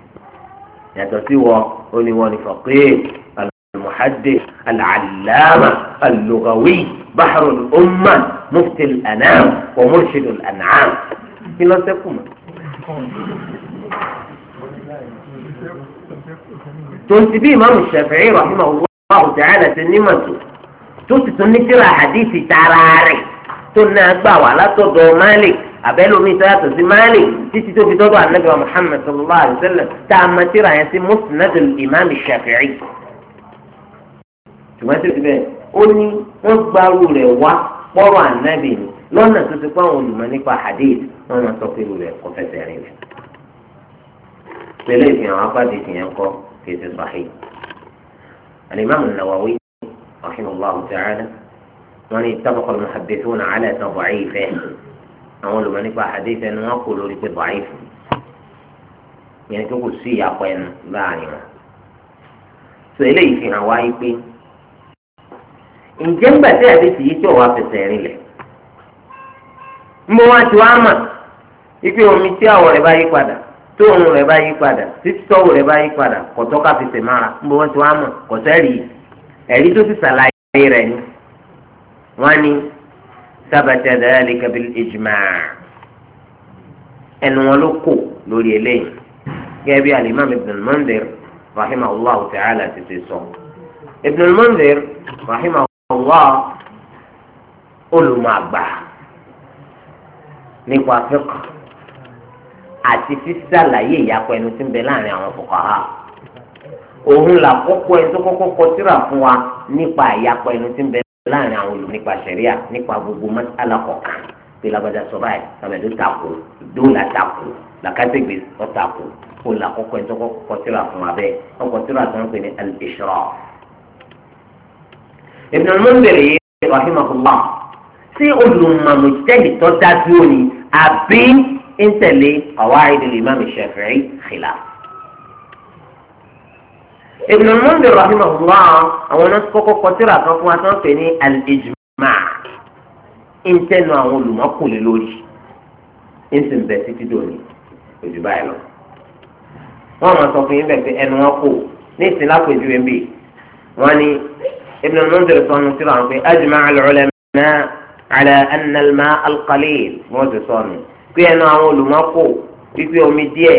يعني سوى wọn واني فقير المحدث العلامة اللغوي بحر الأمة مفتي الأنام ومرشد الأنعام كلا سيكون تنسبي إمام الشافعي رحمه الله تعالى سنمته تنسبي سنكتر حديثي تراري tó náà gbà wá látọ̀dọ̀ Malik àbẹ́lómi tó yàtọ̀ sí Malik títí tó fi tọ́jú anabi wa Muhammad sallallahu alayhi wa sallam tá a máa tíra yẹn sí musnadul imam shafi'i. ṣùgbọ́n síbẹ̀ ó ní wọ́n gbárù rẹ̀ wá pọ́rọ̀ anabi ni lọ́nà tó ti pa àwọn olùmọ̀ nípa hadith wọ́n máa sọ pé rẹ̀ kò fẹsẹ̀ rìn rẹ̀. pẹ̀lú ìfihàn apáde ìfihàn kọ́ kì í ṣe sahih. al-imam an-Nawawi rahimahullah ta'ala wọn ni tábàkọ̀ muhaddithuna ala tad'ifihi àwọn olùmọ̀ nípa hadith ẹni wọn kò lórí pé da'if yẹn tó kò sí ìyàpọ̀ ẹnu láàrin wọn. sọ eléyìí fi hàn wáyé pé ǹjẹ́ ńgbà tí àdéhùn yìí tí ọ̀wá fẹsẹ̀ rìn lẹ̀ mo wá ti wá mà ipe omi tí àwọ̀ rẹ̀ bá yí padà tí rẹ̀ bá yí padà rẹ̀ bá yí padà kọ̀tọ́ mo ti wá mà ẹ̀rí tó ti sàlàyé rẹ̀ ni. wọ́n ní sábàtà dhalika bil ijma' ẹnu wọn ló kò lórí eléyìí gẹ́gẹ́ bí alimami ibn al-Mundhir rahimahullah ta'ala ti ti sọ ibn al-Mundhir rahimahullah olùmọ̀gbà nípa fiqh àti sísàlàyé ìyapọ̀ ẹnu tí ń bẹ láàrin àwọn fuqaha òun là kọ́kọ́ ẹni tó kọ́kọ́ kọ tírà fún wa nípa ìyapọ̀ ẹnu tí ń bẹ láàrin àwọn olùnípa sẹ̀ríà nípa gbogbo mọ́sálà kọ̀ọ̀kan pé lágbájá sọ báyìí sàmẹ̀dó takò dóòlà takò làkàtẹ́gbè ọ̀takò kò là kọ́kọ́ ẹ̀ tọ́kọ́ kọtíra fún abẹ́ ọkọ̀ tíra tó ń pè ní al-Ishraf. Ibn al-Mundhir rahimahullah sí olùmọ̀mù jẹ́lì tó dájú òní àbí ń tẹ̀lé qawaid al-Imam Shafi'i khilaf. Ibn al-Mundhir rahimahullah àwọn náà kọ́kọ́ kọ tírà kan fún wa tí wọ́n pè ní al-ijma' ń tẹnu àwọn olùmọ́kùnrin lórí ń sì ń bẹ títí dòní ojú báyìí lọ. wọ́n máa sọ fún yín bẹ́ẹ̀ pé ẹnu wọn kò ní ìsìn lápèjúwe ń bì wọ́n ní Ibn al-Mundhir sọnù tírà wọn pé ajma'a al-ulama ala anna al-ma'a al-qalil wọ́n ti sọnù pé ẹnu àwọn olùmọ́kù pípé omi díẹ̀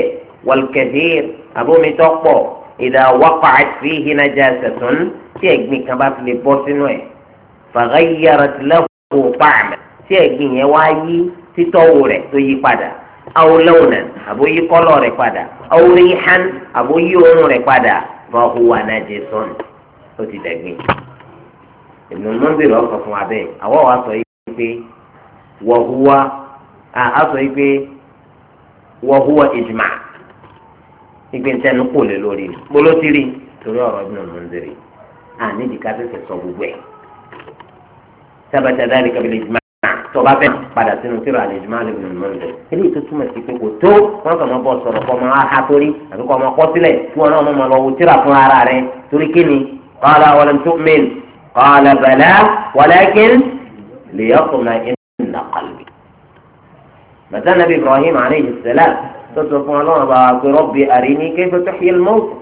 wal-kathir àbómi tọ́pọ̀ ìdá waqa'at fihi najasatun tí ẹ̀gbin kan bá fi lè bọ́ sínú ẹ̀ faghayyarat lahu ta'ama tí ẹ̀gbin yẹn wá yí títọ́wò rẹ̀ tó yí padà aw lawnan àbóyí kọ́lọ̀ rẹ̀ padà aw rihan àbóyí òórùn rẹ̀ padà fahuwa najasun ó ti dẹ̀gbin. Ibn Munzir ọkọ̀ fún abẹ́ àwọ̀ wa sọ yìí pé wa àá sọ yìí pé wa huwa ìgbẹ́ntẹ́nu kò lè lórí rẹ̀ gbolótìrì torí ọ̀rọ̀ Ibn al-Mundhir àní ìdíkà tẹ̀sẹ̀ sọ gbogbo ẹ̀ sábàtà dáàrí kabili jùmọ̀ tọba fẹ́ padà sínú tíro al-Ijma' Ibn al-Mundhir eléyìí tó túmọ̀ sí pé kò tó wọn kàn máa bọ̀ sọ̀rọ̀ kọ́ máa ha torí àbí kọ́ máa kọ́ kí wọn náà máa lọ wo tíra fún ara rẹ̀ torí kí ni qala walam tu'min qala bala walakin liyatma'inna qalbi. màtá nàbí Ibrahim alayhi salam tọ́sọ fún ọlọ́run bá agbèrò bí àríní kéfẹ́ tó fi ẹlẹ́mọ́ òkú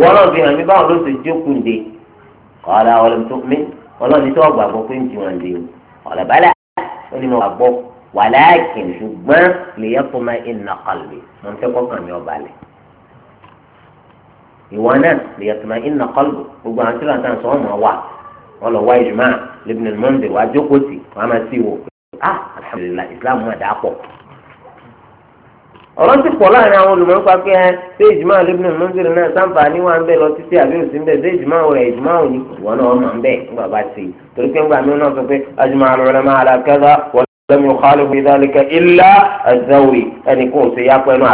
wọ́n náà fi hàn mí báwọn ló ṣe jókòó de ọ̀la ọ̀lẹ́ tó mi ọlọ́run tó ọgbà gbọ́ pé ń ti wọn de o ọ̀la bá láà ó ní mo wà gbọ́ wàláàkìn ṣùgbọ́n lèyẹ́ fún mi ìnà kọlùbì mo ń fẹ́ kọ́kàn mi ọba lẹ̀ ìwọ náà lèyẹ́ fún mi ìnà kọlùbì gbogbo àwọn tí lọ́ọ̀tàn sọ ọmọ wa wọn lọ wá ìjùmọ̀ lẹ́bìnrin mọ́ndé wàá jókòó ọ̀rọ̀ ti pọ̀ láàrin àwọn olùmọ̀ nípa pé ẹ ṣé ìjùmọ̀ àlébùnú ìmọ̀nsẹ̀rẹ̀ náà sáǹfààní wà ń bẹ̀ lọ títí àbí òsì ń bẹ̀ ṣé ìjùmọ̀ rẹ̀ ìjùmọ̀ òní ìwọ náà ọmọ ń bẹ̀ nígbà bá ti torí pé ńgbà mìíràn sọ pé ajumọ̀ àlọ́rẹ́ máa la kẹ́lá wọlé mi kọ́ àlùkò ìdálẹ́kẹ́ ilá ẹ̀sẹ̀wòrì ẹnì kò ṣe yá pẹ́ẹ́nu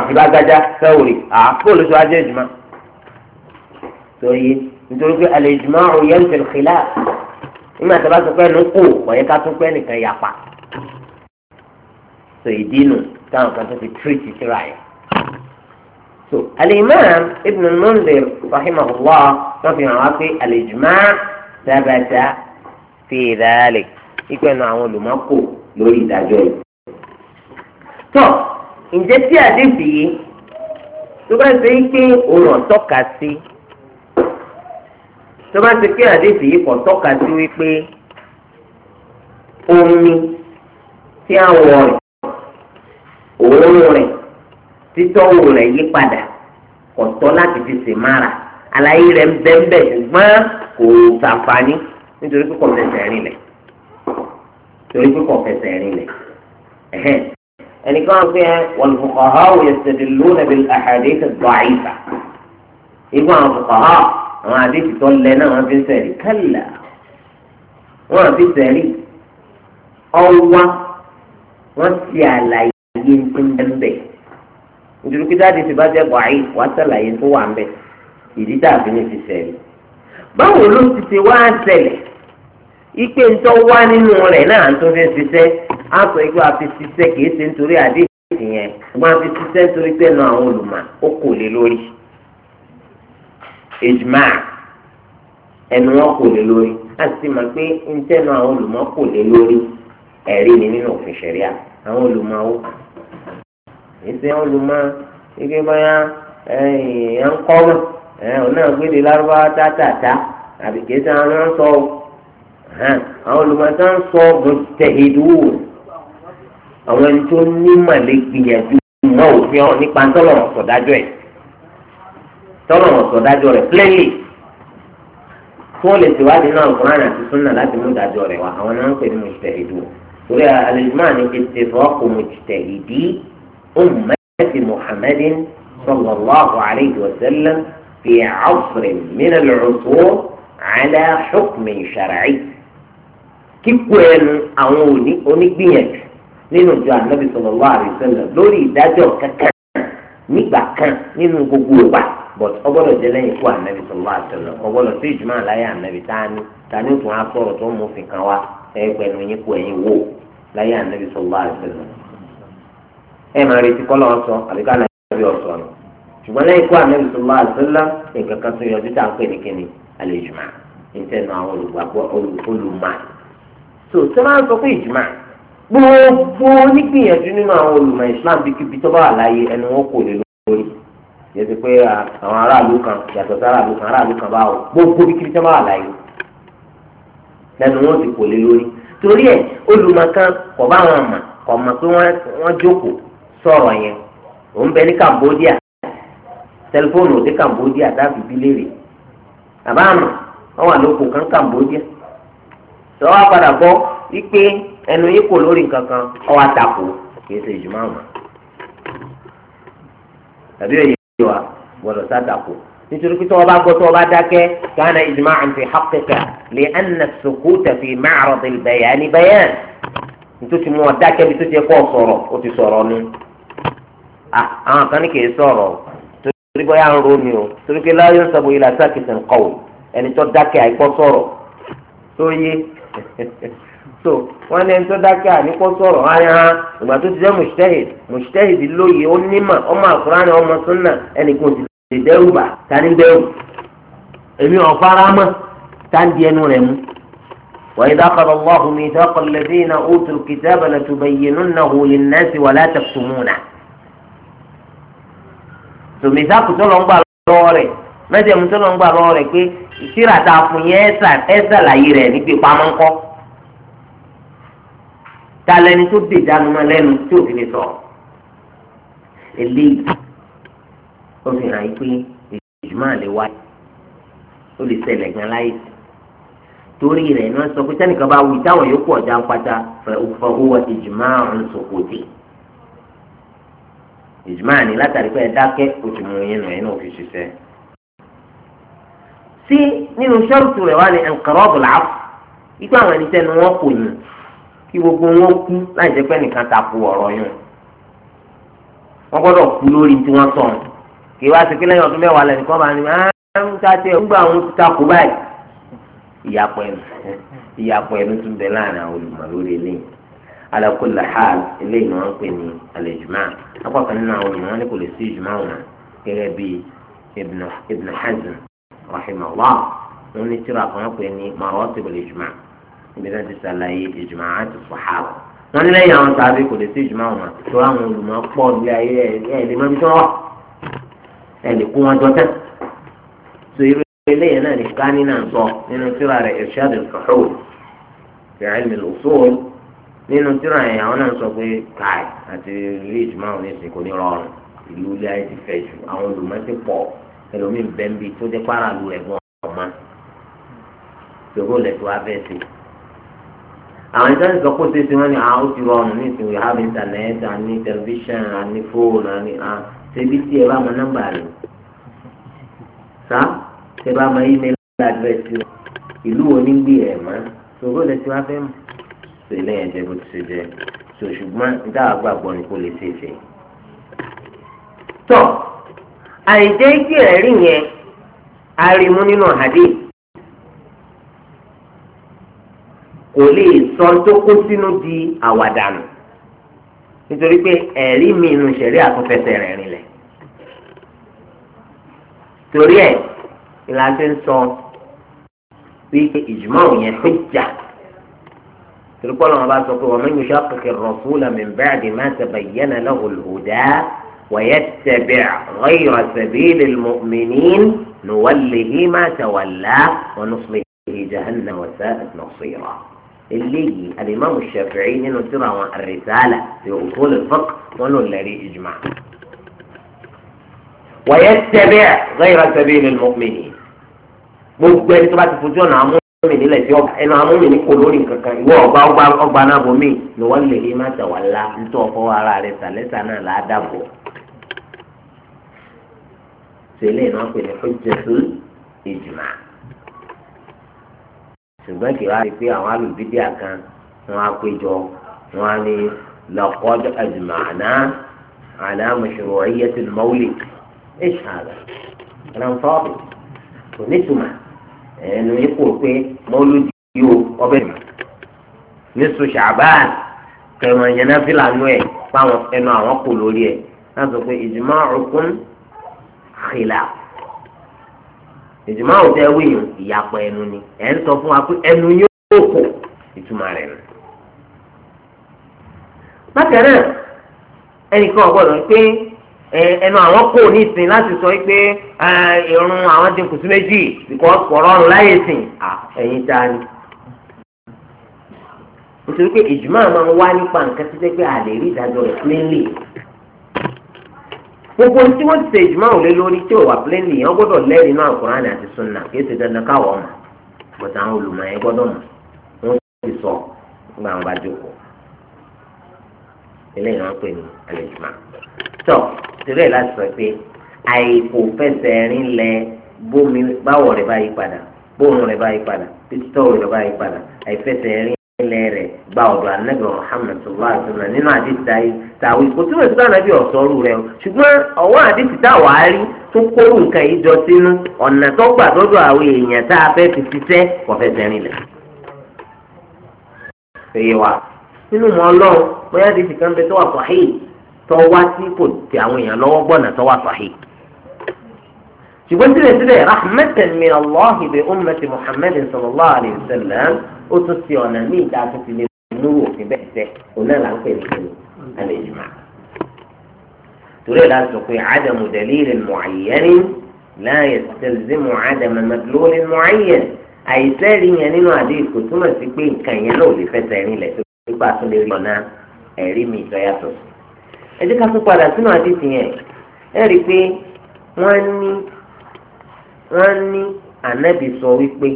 àfi bá so ìdínú táwọn kan tó fi tírìtì síra yẹn. so al-imam ibn al-munzir rahimahullah wọn fi hàn wá pé al-ijma' thabata fi dhalik ìpinnu àwọn olùmọ́kò lórí ìdájọ́ yìí. tọ́ ǹjẹ́ tí àdéhùn yìí tó bá ṣe é pé òun ọ̀tọ́ka sí tó bá ṣe pé àdéhùn yìí kò tọ́ka sí wípé omi tí a wọ̀ rẹ̀ òórùn rẹ̀ títọ́wò rẹ̀ yí padà kò tọ́ láti fi sè mára àlàyé rẹ̀ ń bẹ́ńbẹ́ ṣùgbọ́n kò sàǹfààní nítorí pé kò fẹsẹ̀ rìn lẹ̀ torí pé kò fẹsẹ̀ rìn lẹ̀ ẹnìkan fi hàn wọn fuqaha yastadilluna bil ahadith ad-da'ifa igun àwọn fuqaha àwọn àdéhùn tó lẹ náà wọn fi sẹ̀rí kálá wọn fi sẹ̀rí ọwọ́ wọn ti àlàyé. èyí ń pín bẹ́ẹ̀ nítorí pé jáde ti bá jẹ́ buhari wàá sàlàyé tó wà ń bẹ̀ ìdí dàbí ní ti sẹ́yìn. báwo ló ti ṣe wá ṣẹlẹ̀ ipe ńtọ́ wá nínú rẹ̀ náà tó fi ṣiṣẹ́ á sọ ikú àfi ṣiṣẹ́ kìí ṣe nítorí àdé ìyẹn wọ́n ṣiṣẹ́ nítorí pé ẹnu àwọn olùmọ̀ ó kò lé lórí. ìjùmọ̀ ẹnu wọn kò lé ètò oluma olùmọ̀ ike báyà ẹ̀yìn ń kọ́rọ̀ ẹ̀hìn ọ̀nà gbélé lárúbáwá tátàtá àbí kìí sàn án sọ àwọn olùmọ̀ ń sọ mùtẹ̀hìdù àwọn ẹni tó ní màlẹ́ gbìyànjú mọ́ òfin ọ̀ nípa tọ́lọ̀ sọ̀dájọ́ ẹ̀ tọ́lọ̀ sọ̀dájọ́ rẹ̀ plẹ́lì náà kúránà torí alìsímáà ní ìtìfọ́kù mùjtẹ̀hìdì ummati muhammadin sallallahu alayhi wa sallam fi casrin min al-cusur ala xukmin sharci kíkú ẹnu àwọn onígbìyànjú nínú ìjọ ànábì sallallahu alayhi wa sallam lórí ìdájọ́ kankan nígbà kan nínú gbogbo ìwà but ọgbọ́dọ̀ jẹ́ lẹ́yìn ikú ànábì sallallahu alayhi wa sallam ọgbọ́dọ̀ sí ìjùmọ̀ àlàyé ànábì tání tání tún á sọ̀rọ̀ tó mú fi kan wá. ẹgbẹnu yín kú ẹ̀yin wò láyé ànábi sọlá àṣẹlẹ ẹ máa retí kọlọ ọsọ àbíká ànábi ọsọ ni ṣùgbọ́n lẹ́yìn kú ànábi sọlá àṣẹlẹ nǹkan kan tó yọjú tá à ń pè ní kíni àlejòmá nítẹnu àwọn olùgbàgbọ́ sọ pé gbogbo onígbìyànjú nínú àwọn islam àwọn aráàlú kan yàtọ̀ sí lẹ́nu wọn ti kò lé lórí torí ẹ̀ olùmọ̀kan kò bá wọn mọ̀ kò mọ̀ pé wọ́n jókòó sọ̀rọ̀ yẹn òun bẹ ní Cambodia tẹlifóònù òde Cambodia dábì bílẹ̀rì bàbá àmọ̀ wọn wà lóko kan Cambodia sọ wá padà bọ́ wípé ẹnu yìí kò lórí nǹkan kan àtàkù ṣe àwọn tàbí òye nítorí pé tọ́wọ́ bá gbọ́ tọ́wọ́ bá dákẹ́ gánà ìjùmọ̀ àǹtí haqqika lè ẹnna sukuta fi ma'rad al-bayani bayan nítorí mu ọ dákẹ́ bí tó ti kọ́ sọ̀rọ̀ ó ti sọ̀rọ̀ ni. àwọn kan ní kì í sọ̀rọ̀ torí bóyá ń ro ni o torí pé láyé ń sọ̀bù ilà sákìtì ń kọ̀wé ẹni tó dákẹ́ àìkọ́ sọ̀rọ̀ tó yé so wọn ní ẹni tó dákẹ́ àníkọ́ sọ̀rọ̀ ayá ìgbà tó ti jẹ́ mùsítẹ́hìd mùsítẹ́hìd lóye ó nímọ̀ ọmọ àkùránì ọmọ súnà ẹnì kan ti ìdẹ́rùbà tani dẹ́rù èmi ò fara mọ́ táǹdì ẹnu rẹ̀ mú. وإذا أخذ الله ميثاق الذين أوتوا الكتاب لتبيننه للناس ولا تكتمونه tòmísà kò tó lọ ń gbà lọ́wọ́ rẹ̀ mẹ́tẹ̀ẹ́ mu tó lọ ń gbà lọ́wọ́ rẹ̀ pé ìṣírà tá a fún yẹn ẹ̀sà láyé rẹ̀ nígbè pamọ́ ńkọ́ ta tó dè dánumọ́ lẹ́nu ó fi hàn yí pé ìjùmọ̀ lè wáyé ó lè ṣẹlẹ̀ gan láyé torí rẹ̀ ni wọ́n sọ pé sẹ́nìkan bá wí táwọn yòókù ọ̀dà ń pátá fẹ́ owó ìjùmọ̀ ń sòkòtì ìjùmọ̀ ni látàrí pé ẹ dákẹ́ òtùmọ̀ yẹn nù yẹn náà fi ṣiṣẹ́ sí nínú ṣọ́ọ̀tù rẹ̀ wá ní ẹnkọ́rọ́ bùláp ikú àwọn ẹni tẹ́nu wọn kò yìn kí gbogbo wọn kú láì jẹ́ pé nìkan takò ọ̀rọ̀ yẹn wọ́n gbọ́dọ̀ kú lórí tí wọ́n sọ̀rọ̀ kì í wá sí kílẹ̀ ọdún mẹ́wàá lẹ́nu kọ́ máa ní ah, ń ta tiẹ̀ ń gbà òun ti takò báyìí. ìyàpọ̀ ẹnu ìyàpọ̀ ẹnu tún bẹ láàrin àwọn olùmọ̀ lórí eléyìí ala kulli hal eléyìí ni wọ́n ń pè ní al-ijma' apá kan nínú àwọn olùmọ̀ wọn ní kò lè sí ijma' wọn gẹ́gẹ́ bí ibn hazm rahimahullah wọn ní tíra kan pè ní maratib al-ijma' ibi náà ti sàlàyé ijma'at as-sahaba wọn ní lẹ́yìn àwọn sàbí kò lè sí ijma' wọn tó ẹ lè kó wọn jọ tán so irú eléyìí náà ní kání náà sọ nínú tírà rẹ̀ irshad al-fuhul fi ilm al-usul nínú tírà yẹn àwọn náà sọ pé káì àti ridge mount ní ìsìnkú ní rọrùn ìlú ilé ayé ti fẹ̀ jù àwọn olùmọ̀tì pọ̀ ẹlòmíín bẹ́ńbí tó jẹ́ pàrọ̀ lu ẹ̀gbọ́n ọ̀ma ṣòro lẹ́tọ́ abẹ́sẹ̀ àwọn ìjọba ìsọ kó ṣe wọn ni àwọn ti rọrùn ní ìsìn we have internet tẹlifíṣàn a fóònù a ní ṣebí tí ẹ bá mọ nọ́mbà rẹ̀ sá ẹ bá mọ email address rẹ̀ ìlú wo ní gbé ẹ̀ mọ́ ṣòro lẹ́sí wá fẹ́ mọ̀ ṣe lẹ́yìn ẹ̀jẹ̀ bó ti ṣe jẹ́ ṣò ṣùgbọ́n níta àgbàgbọ́ ni kò lè ṣe ṣe. tọ́ àìjẹ́ kí ẹ̀rí yẹn a rí mú nínú hadith kò lè sọ tó kó sínú di àwàdànù nítorí pé ẹ̀rí mi inú ṣẹ̀rí àtúnfẹsẹ̀ rẹ̀ rìn torí ẹ̀ ìlànà ń sọ wípé ìjùmọ̀ yẹn tó jà tìrìkọ́ lọ́wọ́ bá sọ pé wọ́n mẹ́yìn iṣẹ́ kékeré rọ̀fúlà mi bẹ́ẹ̀ di máa tẹ̀bẹ̀ yẹn náà lọ́wọ́ lòdà ويتبع غير سبيل المؤمنين نوله ما تولى ونصله جهنم وساءت مصيرا اللي الإمام الشافعي إنه ترى الرسالة في أصول الفقه ونو الذي إجمع ويتبع غير سبيل المؤمنين gbogbo ẹni tó bá ti fojú ọ̀nà amúmi nílẹ̀ tí ọba ẹnu amúmi ní kò lórí kankan ìwọ ọgbà ọgbà ọgbà náà bomi ni wọn lè ní máa tẹwà nítorí ọkọ ara rẹ sàlẹsà náà là á dàbọ. sẹlẹ̀ náà pè ní fújẹsù ìjùmọ̀. ṣùgbọ́n kì í rí i pé àwọn alùbídíà kan wọn á wọn á ní lọ́kọ́ ẹ̀jùmọ̀ àná àná mùsùlùmí ẹ̀yẹ́tì mọ́wùlì. ايش هذا كلام فاضي kò nítumọ̀ ẹnu ipò pé mọ́lúdì yóò ọbẹ̀ mọ̀ nísù ṣàbáàn kẹwọn ìyẹnà fìlànà ẹ̀ páwọn ẹnu àwọn kò lórí ẹ̀ láti pé ìjùmọ̀ ọ̀kún xìlà ìjùmọ̀ ọ̀tẹ̀ wíyùn ìyàpọ̀ ẹnu ni ẹ̀ ń sọ fún wa pé ẹnu yóò kò ìtumọ̀ rẹ̀ nù. bákan náà ẹnìkan ọ̀gbọ́dọ̀ pé ẹnu àwọn kò ní ìsìn láti sọ pé irun àwọn dínkù sí méjì because kọ̀ọ̀rọ̀ ọ̀run láyé sìn ẹ̀yìn ta ni. nítorí pé ìjùmọ̀ máa ń wá nípa nǹkan tó jẹ́ pé a lè rí ìdájọ́ rẹ̀ plainly. gbogbo tí wọ́n ti ṣe ìjùmọ̀ ò lé lórí tí ò wà plainly yẹn gbọ́dọ̀ lẹ́rìí náà Kùránì àti Sunnah kì í ṣe dandan káwọ̀ ọ̀mà bọ̀tà àwọn olùmọ̀ yẹn gbọ́dọ̀ mọ̀ wọ́n ti sọ nígbà wọn bá jókòó. eléyìí wọn pè ní àlejò máa tọ́ tẹ̀lé láti sọ pé àìkò fẹsẹ̀ rìn lẹ bómi báwọ̀ rẹ̀ bá yí padà bóòrùn rẹ̀ bá yí padà títọ́wò rẹ̀ bá yí padà àìfẹsẹ̀ rìn lẹ rẹ̀ gba ọ̀dọ̀ anábìọ̀ Muhammad sallallahu alaihi wasallam nínú àdìsí táyé tàwí kò tí wọ́n ti sànàbí ọ̀sọ́rù rẹ̀ o ṣùgbọ́n ọ̀wọ́ àdìsí táwa rí tó kóró nǹkan yìí jọ sínú ọ̀nà tó gbà dọ́dọ̀ àwọn èèyàn tá a fẹ́ fi ṣiṣẹ́ kò fẹsẹ̀ rìn lẹ̀. ṣèyí wa nínú mọ́ ọlọ́run bóyá àdìsí kan bẹ tó tọ́wá tí kò tẹ àwọn èèyàn lọ́wọ́ gbọ́nà tọ́wá sọ̀hí. ṣùgbọ́n síbẹ̀síbẹ̀ rahmatan min allah bi ummati muhammad sallallahu alayhi wa sallam ó tún ti ọ̀nà ní ìdá tó ti lè múrò òfin bẹ́ẹ̀ tẹ́ ọ̀nà là ń pè ní kíni alẹ́ ìjùmọ̀. torí ìlà sọ pé adamu dalilin mu'ayyani la yastalzimu adama madlulin mu'ayyan àìsẹ́rí yẹn nínú àdéhùn kò sí pé nǹkan yẹn náà ò lè fẹsẹ̀ rìn lẹ̀ tó nípa tó lè rí ọ̀nà ẹ̀rí mi ìtọ́yàtọ̀ sí ẹ jẹ́ ká tún padà sínú àdìsí yẹn ẹ rí i pé wọ́n ní wọ́n ní ànábì sọ wípé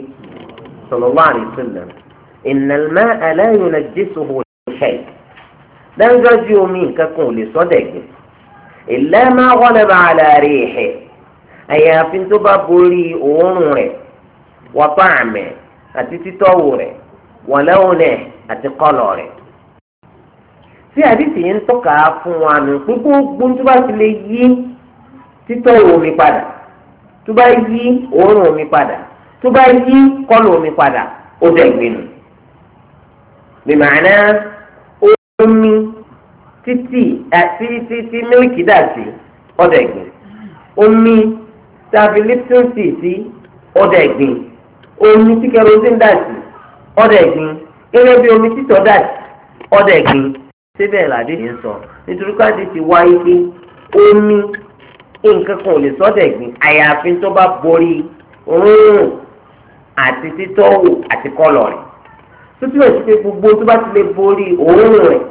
sallallahu alaihi wasallam innal ma'a la yunajjisuhu shay' dáńgájú omi nǹkan kan ò lè sọ́dẹ̀gbẹ́ illa ma ghalaba ala rihi àyàfi tó bá borí òórùn rẹ̀ wa ta'mi àti títọ́wò rẹ̀ wa àti kọ́lọ̀ rẹ̀. tí àdìsí yẹn ń tọ́ka fún wa nù pé gbogbo tó bá ti yí títọ́ omi padà tó bá yí òórùn omi padà tó bá yí kọ́lù omi padà ó nù. bìmọ̀nà omi títì àti títí mílíkì ó omi tàbí lipton tea sí omi tí síbẹ̀ làdé yìí ń sọ nítorí káàdì ti wáyé pé omi nǹkan kan ò lè sọ́dẹ̀ gbìn àyàfi tó bá borí rúnrún àti títọ́wò àti kọ́lọ̀ rẹ̀ tó túbọ̀ sí pé gbogbo tó bá ti lè borí òórùn rẹ̀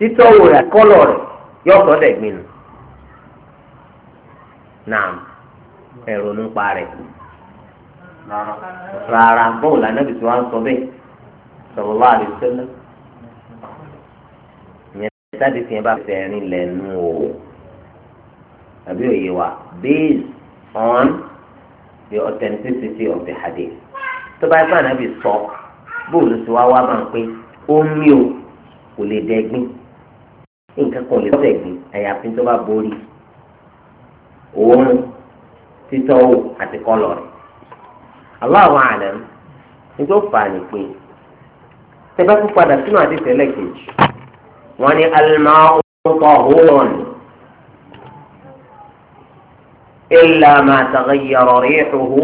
títọ́wò rẹ̀ àti kọ́lọ̀ rẹ̀ yọ sọ́dẹ̀ gbìn nù. naam ẹ̀rọ ló ń pa rẹ̀ rárá bọ́ọ̀lù anábìsí wa ń sọ bẹ́ẹ̀ sallallahu alaihi wasallam sáde tiẹ̀ bá fẹ́ rin lẹ́nu o àbí òye wa based on the authenticity of the hadith tó bá gbà náà bí sọ bóòlù tí wàá wá máa ń pé omi o kò lè dẹ́gbin nǹkan kan lè dẹ́gbin àyàfi tó bá borí òórùn títọ́ wò àti kọ́lọ̀ rẹ̀ Allahu a'lam nítorí fàánì pé tẹ bá tún padà sínú àdìsẹ́lẹ̀ kejì. وني الماء طهور إلا ما تغير ريحه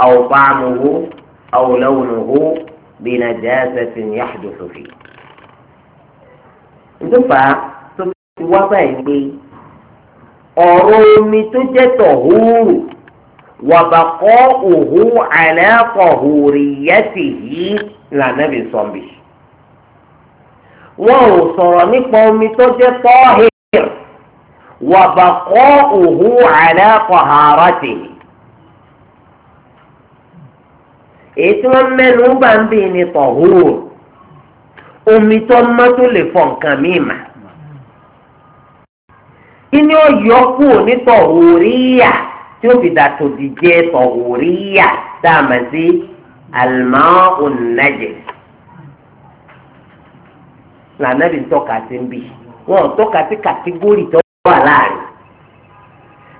أو طعمه أو لونه بنجاسة يحدث فيه انتم فا وطين بي أرومي تجته وبقاؤه على طهوريته لا نبي صنبه wọn ò sọ̀rọ̀ nípa omi tó jẹ́ tọ́hìr wà bàkọ́ òhu àlẹ́ kọ̀hárátì. èyí tí wọ́n mẹ́nu bá ń ní tọ̀húrò omi tó mọ́ lè fọ nǹkan míì mà. kí ni ó yọ kúrò ní tọ̀húríyà tí ó fi dáàmà sí lànàbì tọ́ka sí ń bì wọn tọ́ka sí kàtígórì tó wà láàrin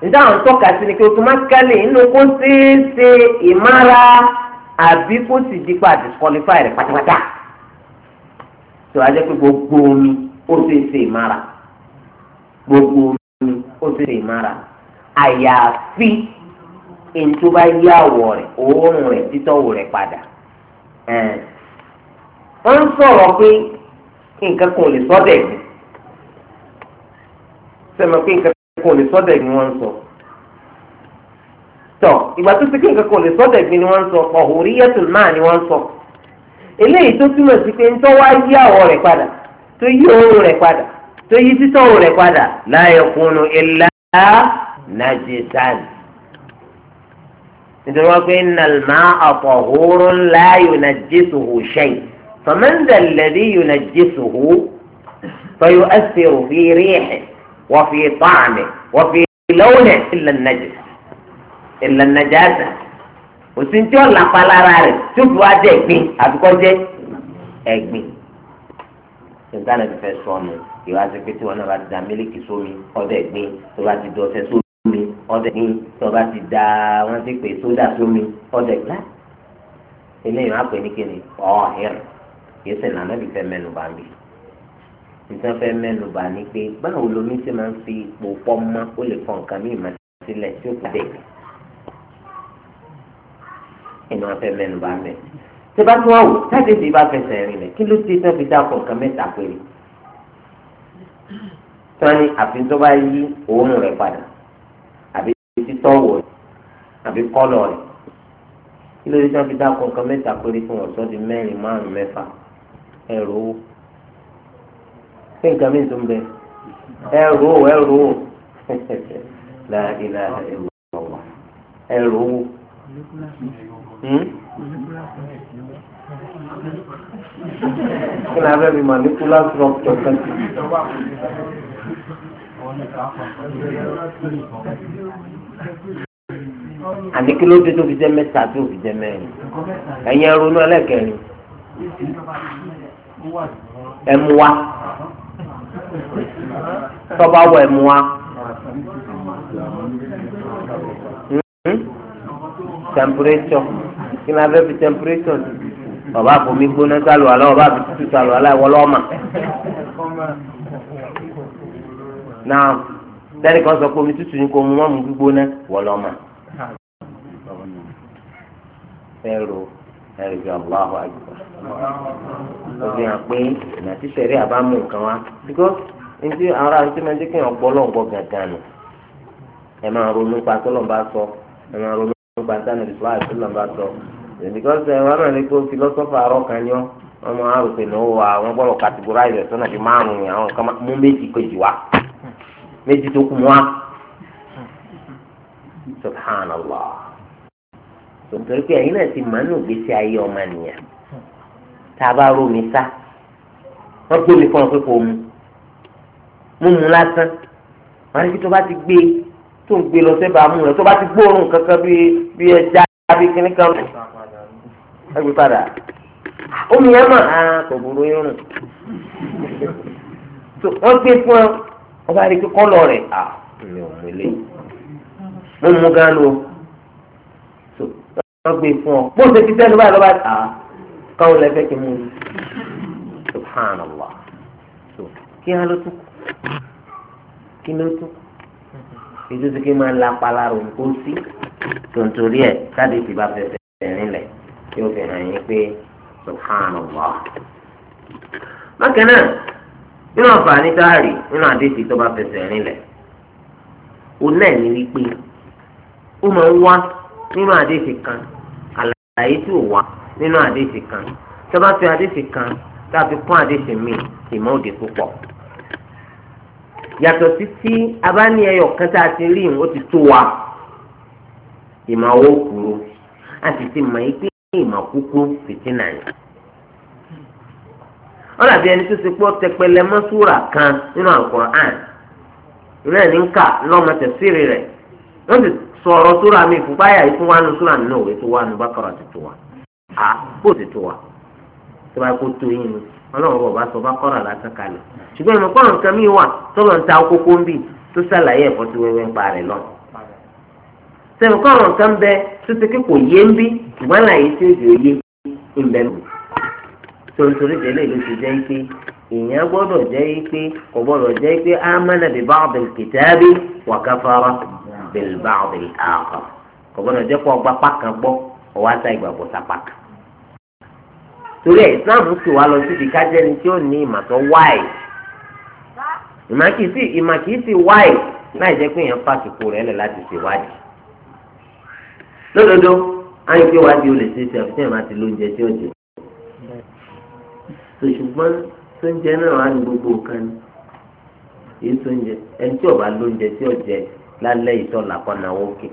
níta àwọn tọ́ka sí ni pé automatically inú kó ṣeé ṣe ìmára àbí kó sì di pa rẹ̀ pátápátá tó a jẹ́ pé gbogbo omi ó ṣeé ṣe ìmára gbogbo omi ó ṣeé ṣe ìmára àyàfi ètò bá rẹ̀ òórùn rẹ̀ títọ́wò rẹ̀ padà. nǹkan kan ò lè sọ́dẹ̀ ẹ̀gbìn sẹ́mi pé nǹkan kan ò lè sọ́dẹ̀ ẹ̀gbìn wọ́n ń sọ. tọ́ ìgbà tó ti pé nǹkan kan ò lè sọ́dẹ̀ ẹ̀gbìn ni wọ́n ń sọ ọ̀hùrí yẹ́tùn máa ni wọ́n ń sọ. eléyìí tó túmọ̀ sí pé ńtọ́ wá yí àwọ̀ rẹ̀ padà tó yí òórùn rẹ̀ padà tó yí títọ́ òórùn rẹ̀ padà la yakunu illa najisan. nítorí wọ́n pé innal ma'a tahurun la yunajjisuhu shay' فمن ذا الذي ينجسه فيؤثر في ريحه وفي طعمه وفي لونه إلا النجس إلا النجاسة òsìntì ọ̀la palára rẹ̀ tóbi wá jẹ́ ẹ̀gbin àbíkọ́ jẹ́ ẹ̀gbin. sèǹtàlà ti fẹ́ sọ ọ́nù ìwà ti pé tí wọn náà bá ti da mílíkì sómi ọ̀dẹ̀ ẹ̀gbin tó bá ti da ọṣẹ sómi ọ̀dẹ̀ ẹ̀gbin tó bá ti da wọn ti pè sódà sómi ọ̀dẹ̀ ẹ̀gbin. eléyìí wọn á pè ní kíni ọ̀hìn yẹsẹ̀ nàá nàbì fẹ́ mẹ́nu bá mi nǹkan fẹ́ mẹ́nu bá ní pé báwo lomi ṣe máa ń fi ipò pọ́ mọ́ ó lè fọ nǹkan mí ìmọ̀ sílẹ̀ tí ó kù dẹ̀ ìnáwó fẹ́ mẹ́nu bá mẹ́ tí bá tún wá wò táyé tí bá fẹsẹ̀ rìn lẹ̀ kí ló ti fẹ́ fi dákọ̀ nǹkan mẹ́ta péré tọ́ni àfi tó bá yí òórùn rẹ̀ padà àbí títọ́ wọ̀ àbí kọ́lọ̀ rẹ̀ kí ló ti fẹ́ fi dákọ̀ nǹkan mẹ́ta péré fún ọ̀sọ́ di mẹ́rin márùn-ún mẹ́fà ẹ̀rọ owó sí nǹkan mi tún bẹ ẹ̀rọ owó ẹ̀rọ owó láàdínlá ẹ̀rọ owó ẹ̀rọ owó. kí ni abẹ́ molecular structure kan ti. àní kí ló dé tó fi jẹ́ mẹ́ta tó fi jẹ́ mẹ́rin ẹ̀yin ẹ̀rọ inú ẹlẹ́kẹ̀rin ẹmu wa tọba wọ ẹmu wa hmm? temperature kí ni abẹ́ fi temperature ọba àfomi gbóná sálù alẹ́ ọba àfi tútù sálù alẹ́ wọlọ́ọ̀mà náà sẹ́ni kan sọ pé omi tútù ni kò mú mọ́mú gbígbóná wọlọ́ọ̀mà ẹ̀rọ ẹ̀rọ ìjọba àwọn àgbà. òbí hàn pé ìgbà tí sẹ̀rí àbámu nǹkan wa because ntí ara ntí máa ń jẹ́ kí èèyàn gbọ́ lọ́ngbọ́ nù ẹ máa ronú pa lọ́nba sọ ẹ máa ronú pa sani àti lọ́nba sọ because ẹ eh, náà lè kó philosopher arọ kan yọ máa wà gbọ́dọ̀ categorize ẹ̀ sọ́nà márùn-ún àwọn mú méjì kejì wá méjì tó kù subhanallah. tá a bá rómi sá wọ́n gbé mi fún ọ pé kò mu mú mu lásán wọ́n á ní kí tó bá ti gbé tó ń gbé lọ sẹ́bàá mú rẹ̀ tó bá ti gbóòórùn kankan bí bí ẹja bí kíní kan ẹ gbé padà omi yẹn mà á ah, kò burú irun wọ́n gbé fún ọ wọ́n bá rí i pé kọ́lọ̀ rẹ̀ à ah, mi ò mú ilé mo mú gan lo wọ́n gbé fún ọ bó ṣe ti tẹ́nu báyìí lọ́ba à. Ah, káwọn lẹ́fẹ́ kí mú un subhanallah so kí á ló tún kí ló tún ìdí tó kí máa la palarò kó sí tontori ẹ̀ káde ti bá fẹsẹ̀ ẹ̀rín lẹ̀ tí ó fi yín pé subhanallah. bákan náà nínú àǹfààní táàrí nínú àdéhìí tó bá fẹsẹ̀ ẹ̀rín lẹ̀ òun náà ní wípé ó máa ń wá nínú àdéhìí kan àlàyé tí ò wá. nínú àdéhìí kan tó fi àdéhìí kan tá a kún àdéhìí ìmọ̀ òde púpọ̀ yàtọ̀ sí tí a bá ní ẹyọ kan tá a ti rí ìwọ́n ti tó wa ìmọ̀ owó kúrò a sì ti mọ̀ ike ìmọ̀ kúkú wọ́n ẹni tó ti pọ́ tẹpẹlẹ kan nínú ní lọ́mọ tẹ̀síìrì rẹ̀ wọ́n ti sọ̀rọ̀ súrà mi súrà nínú haa kó ti tó wa tó bá kó tó yín ni ọlọ́run bọ̀ bá sọ bá kọ́ra lásán kalẹ̀ ṣùgbọ́n ìmọ̀ kọ́ra nǹkan mi wà tọ́lọ̀ ń ta kókó ń bì tó ṣàlàyé ẹ̀fọ́ wẹ́wẹ́ ń pa rẹ̀ lọ. sẹ́mi kọ́ra nǹkan bẹ yé ń bí ṣùgbọ́n tí ó di òye ń bẹ torítorí bi kò ọwọ́ àtà ìgbàgbọ́ sápá kan torí ẹ̀ islam sì wá lọ síbi kájẹ́ni tí ó ní ìmọ̀ tó wáì ìmọ̀ kìí sì ìmọ̀ kìí sì wáì láì jẹ́ pé èèyàn fàṣìkò rẹ̀ lẹ̀ láti ṣèwádìí lódodo àyìn pé wádìí ó lè ṣe ṣe àfihàn àti lóúnjẹ tí ó jẹ tó ṣùgbọ́n tó ń jẹ náà wà ní gbogbo nǹkan ni èyí tó ń jẹ ẹni tí ò bá lóúnjẹ tí ó jẹ lálẹ́ ìtọ́ làkọ́nà òkè. Okay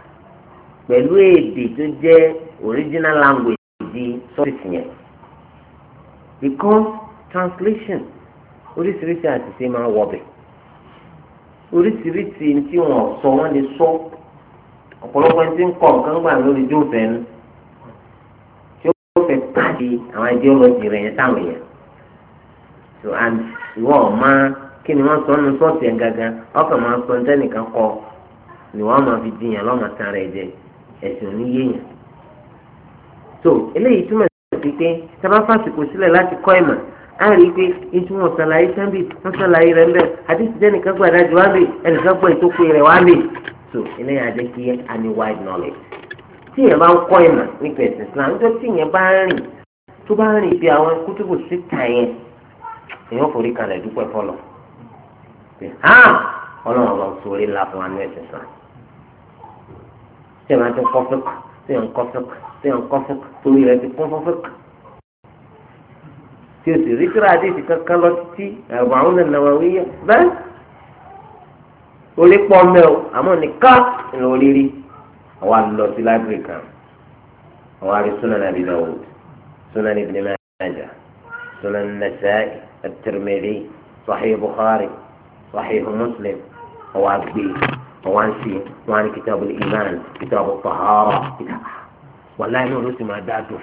pẹ̀lú èdè tó jẹ́ original language di sọ́ọ̀tì yẹn because translation oríṣiríṣi àtìsí máa ń ma oríṣiríṣi tí wọ́n sọ wọ́n lè sọ ọ̀pọ̀lọpọ̀ ẹni tí ń kọ́ nǹkan gbà lórí tí ó nu tí ó fẹ́ pàdé àwọn ideology rẹ̀ yẹn táwọn yẹn so and ìwọ ọ̀ma kí ni wọ́n sọ nínú sọ́ọ̀tì yẹn gangan ọkàn máa sọ ní kọ ni wọ́n máa fi dìyàn ẹ̀sìn oníyéèyàn so eléyìí túmọ̀ sí pé sábà fàṣìkò sílẹ̀ láti kọ́ ìmọ̀ á rí i pé ètò wọn ṣàlàyé sábì wọn ṣàlàyé rẹ̀ ńbẹ̀ àdéhùn jẹ́ nìkan gbọ́ àdájọ́ wá bè ẹnìkan gbọ́ ètò pé rẹ̀ wá bè so eléyìí àjẹ́ kí a ní wide knowledge tí yẹn bá ń kọ́ ìmọ̀ nípa ẹ̀sìn Islam nítorí tí yẹn bá ń rìn tó bá ń rìn bí àwọn kútùbù síta yẹn èèyàn forí kalẹ̀ dúpẹ́ fọlọ́ ọlọ́run ọba sórí ńlá fún ẹ̀sìn Islam tí èèyàn ti kọ́ fúk tí èèyàn kọ́ fúk tí èèyàn kọ́ fúk torí rẹ̀ ti kún fún fúk. tí o sì rí tíra àdéhìí kankan lọ títí ẹ̀wọ̀n àwọn ọ̀nà náà wí yẹ bẹ́ẹ̀ orí pọ̀ mẹ́ o àmọ́ nìkan ni orí rí àwa lọ sí láìpẹ́ kan àwa rí sunan Abi Dawud sunan Ibn Majah sunan Nasa'i at-Tirmidhi Sahih Bukhari Sahih Muslim àwa gbé ọ̀wá ń ṣe wọn á ní kìtàbù iman kìtàbù fàhárà wàlá inú ló sì máa dáadọ̀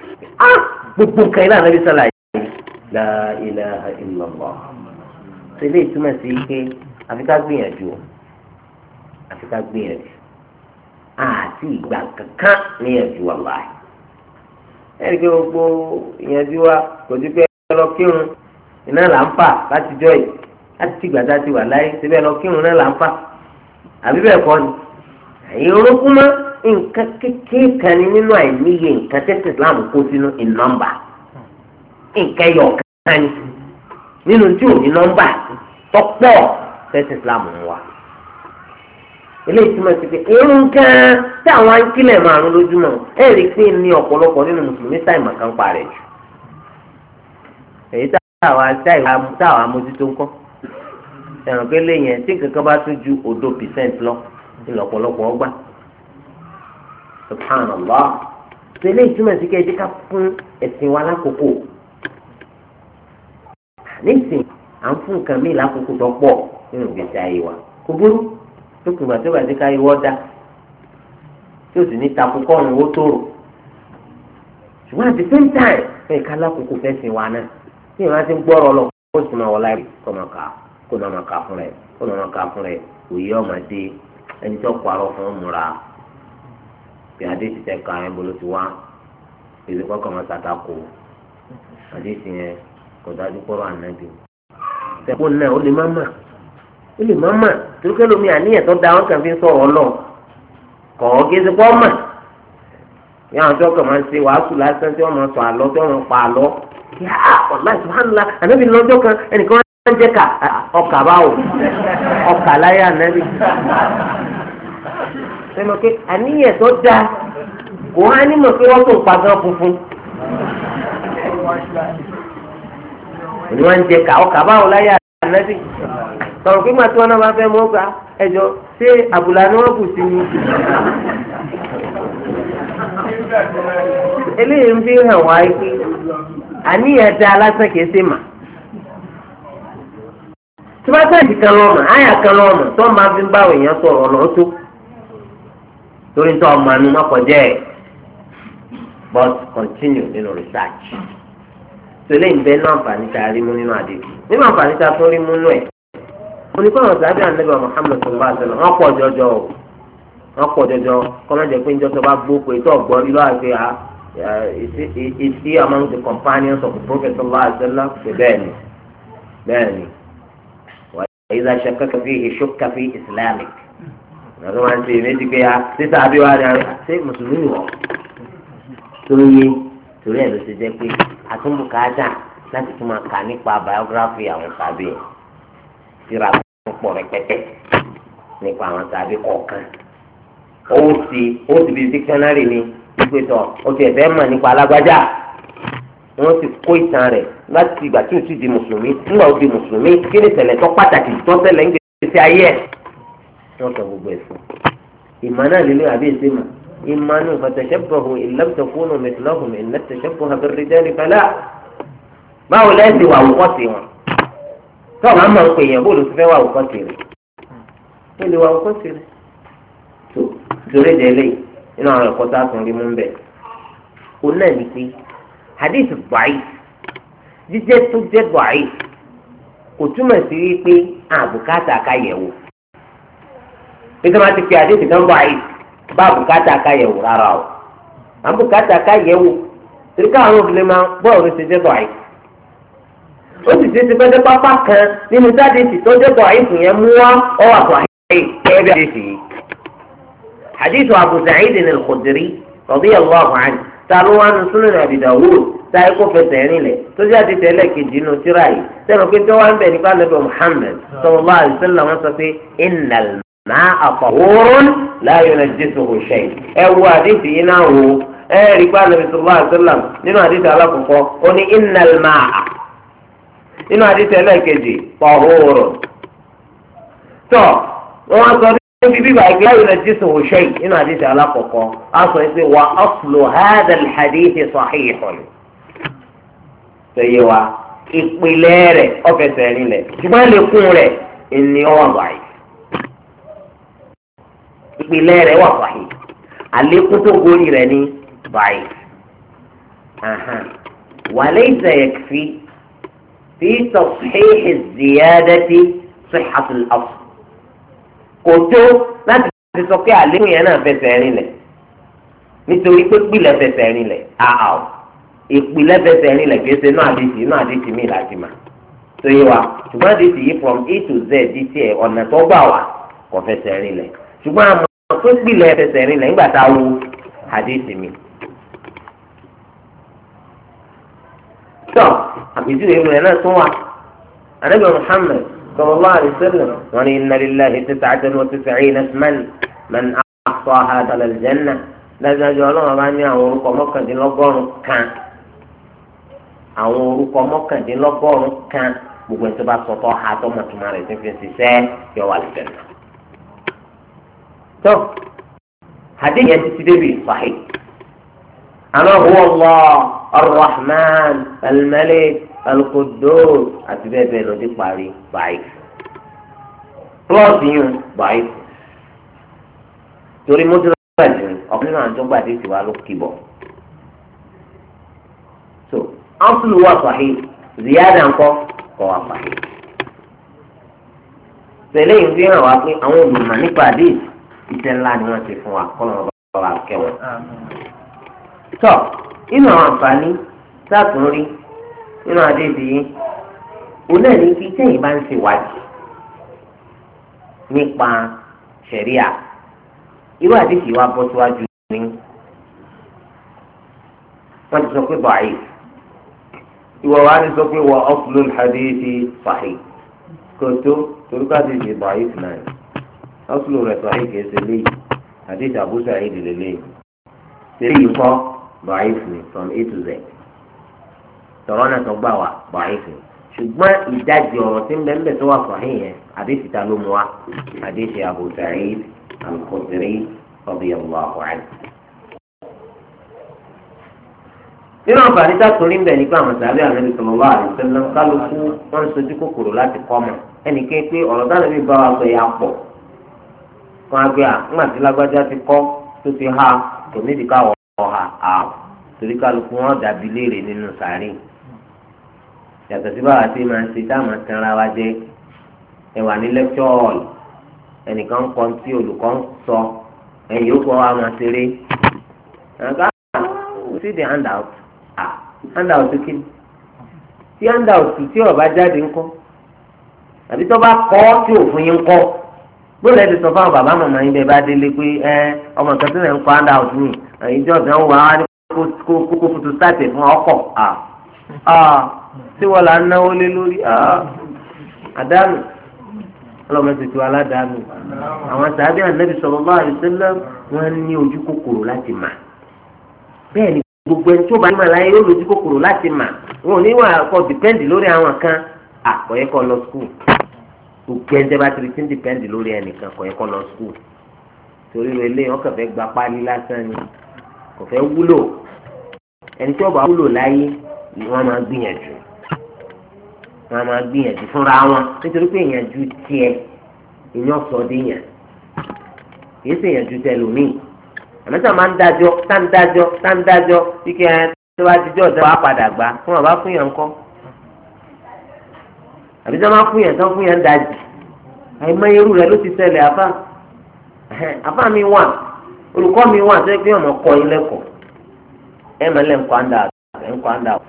ah! gbogbo nǹkan ilé àná bí sàlàyé la ilaha illallah tẹ́lẹ̀ ìtumọ̀ sí pé àfi ká gbìyànjú àfi ká gbìyànjú àti ìgbà kankan níyànjú wàláì ẹni pé gbogbo ìyànjú wa kò ju pé ẹ kírun iná là ń fà láti jọ yìí láti tìgbà tá a ti wà láyé síbẹ̀ lọ kírun náà là ń fà. àbí bẹ́ẹ̀ kọ́ ni ìrókún mọ́ nǹkan kékeré ní nínú àìníye nǹkan islam kó sínú ìnọ́mbà nǹkan ẹyọ kan ní nínú tí ò ní nọ́mbà tọ́pọ̀ tẹ́sí islam ń wà eléyìí túmọ̀ sí pé irun kan tí àwọn ankílẹ̀ márùn lójúmọ́ ẹ̀ rí pé ní ọ̀pọ̀lọpọ̀ nínú mùsùlùmí sáìmọ̀ kan parẹ̀ ẹ̀ràn kẹlẹ́ yẹn tí nǹkan kan bá tún ju òdo percent lọ ní lọ́pọ̀lọpọ̀ ọgbà subhanallah tẹ́lẹ̀ ìtumọ̀ sí kẹ́ẹ́ díkà fún ẹ̀sìn wa lákòókò nísìn à ń fún nǹkan míì lákòókò tó pọ̀ nínú ìgbésí ayé wa kò burú tó kùgbà tó bá díkà ìwọ́ da tí o sì ní takùkọ́ ọ̀run ó tòrò ṣùgbọ́n at same time fẹ́ẹ̀ ká lákòókò fẹ́ sìn wa náà tí ìrántí ń gbọ́rọ̀ lọ kó o sì máa wọ láì kọ́ máa kà á. kó náà máa kà fún kó náà fún òye ọmọdé ẹni tó fún bí tẹ ka ẹ̀ bolo ti wá èdè kọ́kọ́ máa ṣàtàkù adéṣì yẹn kò dájú kọ́rọ̀ ànábì. sẹ́kù náà ó lè má mà da wọn kàn fi lọ kọ́ ọ́ gézé mà tó kàn máa ṣe wàásù lásán tí máa sọ tí máa pa yà ń jẹ́ ká ọkà báwo ọkà láyé ànábì sẹ́nu pé àníyàn tó dáa kò á nímọ̀ pé wọ́n tó ń pagán funfun òní wọ́n ń jẹ́ ká ọkà báwo láyé ànábì sọ̀rọ̀ pé màtí wọn náà máa fẹ́ mọ́ gba ẹjọ́ ṣé àbùlà ni wọ́n kù sí ni eléyìí ń fi hàn wá pé àníyàn dáa lásán kìí ṣe mà. tí wọ́n sáà nìkan lọ́mọ àyà kan lọ́mọ tó máa fi ń bá èèyàn sọ̀rọ̀ ọ̀nà ọ̀tún torí tó ọmọ but continue nínú research tó lè náà àǹfààní tá rí mú nínú àdé nínú àǹfààní tá tó rí mú nínú ẹ̀ mo ní kọ́nà sábẹ́ wọ́n pọ̀ jọjọ o wọ́n pọ̀ jọjọ pé bá among the companions of the ìdá ṣàkóso fi ìṣókà fi islamic lọ́dún máa ń ṣe ìrètí pé a sísá abíwá ni a ṣe mùsùlùmí wọ̀ tó yé torí ẹ̀ ló ṣe jẹ́ pé àtúnbùkátà láti tún máa kà nípa biography àwọn tàbí ẹ̀ síra fún pọ̀ rẹpẹtẹ nípa àwọn tàbí kọ̀ọ̀kan ó ti ó ti bí dictionary ni wípé tán ó ti ẹ̀fẹ́ mọ̀ nípa alágbájá wọ́n ti kó ìtàn rẹ̀ láti ìgbà tí o ti di mùsùlùmí nígbà o di mùsùlùmí kí ni tẹ́lẹ̀ tó pàtàkì tó tẹ́lẹ̀ ń gbèsè ayé ẹ̀. wọ́n sọ gbogbo ẹ̀sìn ìmọ̀ náà lílo àbí èsì mọ̀ ìmọ̀ nù fàtẹ̀sẹ̀bọ̀hù ìlẹ́tọ̀kùnù mẹtìlọ́hùn ìlẹ́tọ̀sẹ̀bọ̀hù abẹ́rẹ́dẹ́rẹ́ fẹlẹ́. báwo lẹ́yìn ti wà wùkọ́ sí wọn tó àwọn àmọ̀ ń pè yẹn bó fẹ́ wà wùkọ́ sí rẹ̀ ó lè wà wùkọ́ sí rẹ̀ hadith da'if jíjẹ́ tó jẹ́ da'if kò túmọ̀ sí wípé àbùkátà káyẹ̀wò nítorí fi hadith kan da'if bá àbùkátà káyẹ̀wò rárá o àbùkátà káyẹ̀wò torí káwọn òbílẹ̀ máa bọ́ọ̀ ló ṣe jẹ́ ó sì ṣe ti pẹ́ dé pápá kan nínú jáde tó jẹ́ da'if yẹn mú wá ọwọ́ àpò àyè a yìí hadith Abu Sa'id al-Khudri anhu ta ló wá nu Sunan Abi Dawud ta ẹ kó fẹsẹ̀ rìn lẹ̀ tó jẹ́ àti tẹ̀lé kejì nu tíra yìí sẹ́nu pé tí wọ́n ń bẹ̀ nípa lẹ́bẹ̀ Muhammad sallallahu alaihi wasallam wọ́n sọ pé innal ma'a tahurun la yunajjisuhu shay ẹ wo àdéhùn yìí náà wo ẹ rí pa lẹ́bẹ̀ sallallahu alaihi wasallam nínú àdéhùn alákọ̀ọ́kọ́ ó ní innal ma'a nínú àdéhùn tẹ̀lé kejì tahurun tọ́ wọ́n sọ níbi bíbá ìgbà yìí lọ́jọ́ sòwò ṣẹ́yìn nínú àdéhùn alákọ̀ọ́kọ́ a sọ pé wà á fúlò hádà hadithi sahihun. sẹ́yẹ wa ìpìlẹ̀ rẹ̀ ọ̀fẹ̀sẹ̀ rinlẹ̀ ṣùgbọ́n lẹ́kùn rẹ̀ ni ọ̀wà báyìí. ìpìlẹ̀ rẹ̀ wà báyìí àlékún tó gorí rẹ̀ ní báyìí. وليس يكفي في تصحيح الزيادة صحة الأصل kò tó láti ti sọ pé àlékún yẹn náà fẹsẹ̀ rinlẹ̀ nítorí pé pìlẹ̀ fẹsẹ̀ rinlẹ̀ àà ò ìpìlẹ̀ fẹsẹ̀ rinlẹ̀ kìí ṣe inú àdìsí inú àdìsí mi láti mà tó yé wa ṣùgbọ́n àdìsí yìí from a to z di tiẹ̀ ọ̀nà tó gbà wá kò fẹsẹ̀ rinlẹ̀ ṣùgbọ́n àmọ́ pé pìlẹ̀ fẹsẹ̀ rinlẹ̀ nígbà tá a wo àdìsí mi. tó àpèjúwe rẹ̀ náà tún wà àdébẹ̀ Muhammad sallallahu alaihi wasallam wọn ni inna lillahi tis'atan wa tis'ina isman man ahsaha dakhala al-jannah dájúdájú ọlọ́run bá ní àwọn orúkọ mọ́kàndínlọ́gọ́rùn kan àwọn orúkọ mọ́kàndínlọ́gọ́rùn kan gbogbo ẹni tó bá sọ tó ha tó mọ̀ tó máa rẹ̀ sí fi ṣiṣẹ́ yọ wà lẹ́sẹ̀ náà. tó hadith yẹn ti ti débi sahih. àmọ́ huwa Allah ar-Rahman al-Malik alukodol àti bẹ́ẹ̀ bẹ́ẹ̀ lọ sí parí báyìí plus yun báyìí torí mọ́tòlá jù ọ̀kan náà tó gbàdé tiwa ló kìbọ̀ so ọ́nfúlù wà pàhí ziyada ńkọ́ kọ́ wà pàhí tẹ̀lé yìí fi hàn wá pé àwọn olùmọ̀ nípa àdéhì iṣẹ́ ńlá ni wọ́n ti fún wa kọ́ lọ́wọ́ bá wa kẹwọn. tọ́ inú àwọn àǹfààní sáà tún rí nínú àdéhùn yìí òun náà ní kí sẹ́yìn bá ń ṣèwádìí nípa ṣẹ̀ríà irú àdéhùn wa bọ́ síwájú ní wọ́n ti sọ pé báyìí ìwọ wa ti sọ pé wà aslul hadithi sahih kòtó torí ká ti ṣe báyìí náà ọ̀sùlù rẹ̀ sahih kìí ṣe léyìí àdéhùn àbúṣe àyè dìde léyìí ṣe é yìí kọ́ báyìí from A to Z. tọrọ náà tó gbà wá ṣùgbọ́n ìdajì ọ̀rọ̀ tí ń bẹ ń bẹ tó wà sọ̀hìn yẹn àdéhìí ta ló mu wa àdéhìí Abu nínú àǹfààní ń àwọn kálukú wọn sojú kòkòrò láti pé bá wa sọ fún agbé ha torí kálukú wọn dàbí léèrè nínú yàtọ̀ sí báwa ti máa ń ṣe táwọn máa tanra wa jẹ ẹ wà ní lecture hall ẹnìkan kọ tí olùkọ́ ń sọ ẹ̀yìn ó kọ́ wa máa ṣeré ẹ̀ka see the handout ah handout kí ni tí handout tí ó bá jáde ńkọ́ àbí tó bá kọ́ tí òfin yín kọ́ gbọ́dọ̀ ẹ ti sọ fáwọn bàbá màmá yín bẹ́ẹ̀ bá délé pé ẹ ọmọ kan tí lè ń kọ́ handout mi ẹ̀yin jọ̀ọ́ dánwò àwọn kó kó kó fòtò sáàtì fún ọkọ̀ tí wọ́n là ń náwó lé lórí àdánù ọlọ́mọ ti tu aládàánù àwọn sàbí ànábì sallallahu alaihi wasallam wọ́n ní ojú kòkòrò láti mà bẹ́ẹ̀ ni gbogbo ẹni tó bá nímọ̀ láyé yóò lójú kòkòrò láti mà wọn ò ní wà kọ dìpẹ́ǹdì lórí àwọn kan àkọ́yẹ́ kọ́ lọ skul gbogbo ẹni tẹ́ bá ti rí sí dìpẹ́ǹdì lórí ẹnìkan àkọ́yẹ́ kọ́ lọ skul torí rẹ lé ọkàn fẹ́ gba pálí lásán ni kò fẹ́ wúlò ẹni tó bá wúlò láyé wọn máa gbìyànjú wọ́n máa gbìyànjú fúnra wọn nítorí pé ìyànjú tiẹ ìyàn sọ dé yàn kìí ṣe ìyànjú ma àmọ́tà máa ń dájọ́ tá ń dájọ́ tá ń dájọ́ kíkẹ́ ẹ tó bá dijọ́ ọ̀dọ́ wa padà gbà fún bàbá fún yàn kọ́ àbí tó máa fún yàn tó fún yàn dájì irú rẹ ló ti mi wà olùkọ́ mi wà tó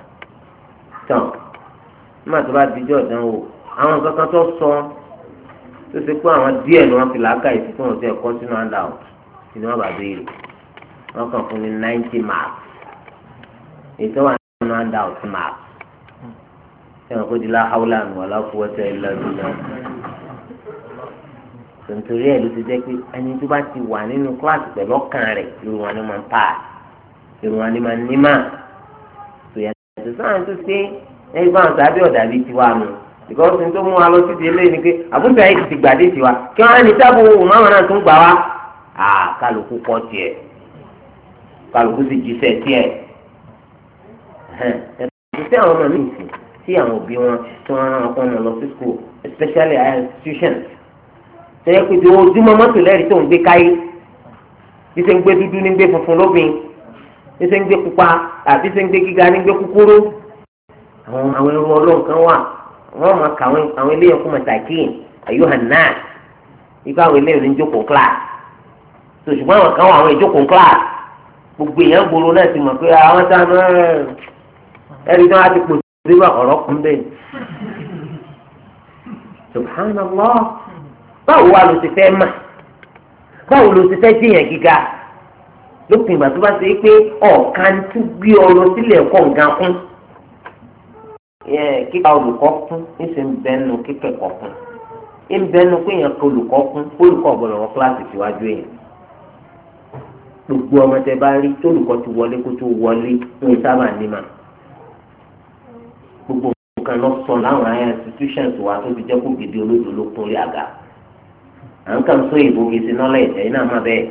tán nígbà tó bá dijọ́ ìdánwò àwọn nǹkan kan tó sọ tó ṣe pé àwọn díẹ̀ ni wọ́n fi làákà ìsìn fún ọ̀sẹ̀ ẹ̀kọ́ sínú handout ni wọ́n bá béèrè wọ́n kàn fún ní ninety marks ètò wà nínú handout marks ẹ̀wọ̀n kó di la hawla wala quwwata illa billah tòǹtòrí ẹ̀ ló ti jẹ́ pé ẹni tó bá ti wà nínú kíláàsì pẹ̀lú ọkàn rẹ̀ irun wa ni máa ń pa irun wa ń ní máa ẹ̀sìn sáà tó ṣe ẹ̀yìn báwọn sábẹ́ ọ̀dà bíi tiwa nù because n tó mú wa lọ sí ti eléyìí ni pé àbúṣe ayé ti gbàdé tiwa kí wọ́n á ní sábò òun àwọn náà tún gbà wá kálukú kọ́ tiẹ̀ kálukú sì jíṣẹ́ tiẹ̀ ẹ̀sìn àwọn ọmọ mi sì tí àwọn òbí wọn tí wọ́n rán ọkọ wọn lọ sí school especially higher institutions tẹ́lẹ̀ pé ojoojúmọ́ mọ́tò lẹ́rìí tó ń gbé káyé bí ṣe ń gbé dúdú ní gbé funfun lóbìn ṣe ń gbé pupa àbí ṣe ń gbé gíga ní gbé kúkúrú àwọn àwọn ẹrú ọlọ́run kan wà wọ́n máa kà àwọn ilé ẹ̀kọ́ mọ̀tàkìn àyùhànà ikú àwọn ilé ìrìn jókòó class tó ṣùgbọ́n àwọn kan wà àwọn ìjókòó class gbogbo èèyàn gbòòrò náà ti mọ̀ pé àwọn ah, tá a mọ̀ ẹ̀rí tí wọ́n á ti pò sí ọ̀rọ̀ kan bẹ́ẹ̀ subhanallah báwo wà ló ti fẹ́ mà báwo ló ti fẹ́ jìyàn gíga lópin ìgbà tó bá ṣe pé ọ̀kan tó gbé ọ̀rọ̀ sílẹ̀ kọ̀ nǹkan kún kíkà olùkọ́ kún níṣẹ́ ń bẹnu kíkẹ́kọ̀ọ́ kún ń bẹnu pé èèyàn kọ olùkọ́ kún olùkọ́ ọ̀gbọ̀n wọn kíláàsì síwájú èèyàn gbogbo ọmọ tẹ bá rí tó olùkọ́ ti wọlé kó tó wọlé wọn sábà ní mà gbogbo nǹkan lọ sọ láwọn ayé institutions wa tó fi jẹ́ kó gidi olódò ló kún lé àga à ń kàn sóyìnbó gidi nọ́lẹ̀ ìjẹ́ iná má bẹ́ẹ̀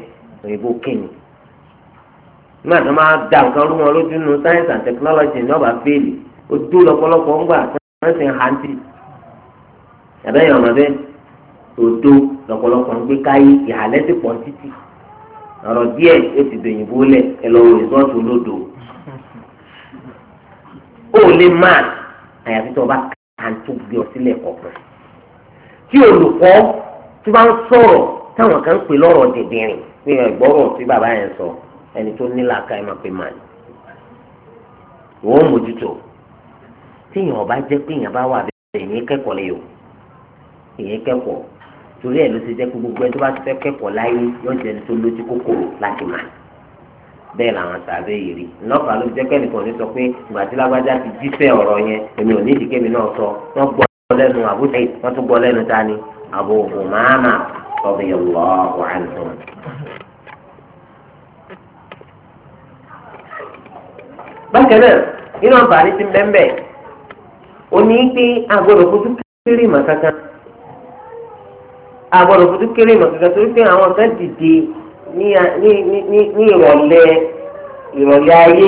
òyìnbó kéènì nígbà tó máa da nǹkan rú wọn lójú nu science and technology ní ọba fèèlì ó dúró lọ́pọ̀lọpọ̀ ń gbà science and handy àbẹ́yẹn ọ̀nà bẹ́ẹ̀ òdo lọ́pọ̀lọpọ̀ ń gbé káyé ìhàlẹ́ ti pọ̀ títì ọ̀rọ̀ díẹ̀ ó ti dòyìnbó lẹ̀ ẹ lọ wo rìsọ́ọ̀tù olódo ó lè má àyàfi tó o bá kà á tó gbé ọ sílẹ̀ kọ̀ọ̀kan tí olùkọ́ tó bá ń sọ̀rọ̀ táwọn kan ń pè lọ́rọ̀ dìndìnrín pé ẹ̀gbọ́rọ̀ tí bàbá yẹn sọ ẹni tó ní làákà ẹ máa pe màá ní wọ́n mójútó tíyàn ọba jẹ́ pé èèyàn bá wà bẹ́ẹ̀ èyí kẹ́kọ̀ọ́ lè o èyí kẹ́kọ̀ọ́ torí ẹ̀ ló ti jẹ́ pé gbogbo ẹni tó bá ti fẹ́ kẹ́kọ̀ọ́ láyé yóò jẹ́ ẹni tó lójú kòkòrò láti màá ní bẹ́ẹ̀ làwọn sàbẹ̀ yìí rí nọ́ọ̀fà ló jẹ́ kẹ́nìkan ní sọ pé ìgbà tí lágbájá ti jíṣẹ́ ọ̀rọ̀ yẹn èmi ò ní ìdí kémi náà sọ wọ́n gbọ́ lẹ́nu àbúṣe wọ́n tún gbọ́ lẹ́nu ta ni Abu Umama radiyallahu anhu. bákan náà nínú àǹfààní ti bẹ́ẹ̀ o ní pé agbọ́dọ̀ fojú kéré ìmọ̀ kankan agbọ́dọ̀ fojú kéré ìmọ̀ kankan torí pé àwọn kan dìde ní ìrọ̀lẹ́ ìrọ̀lẹ́ ayé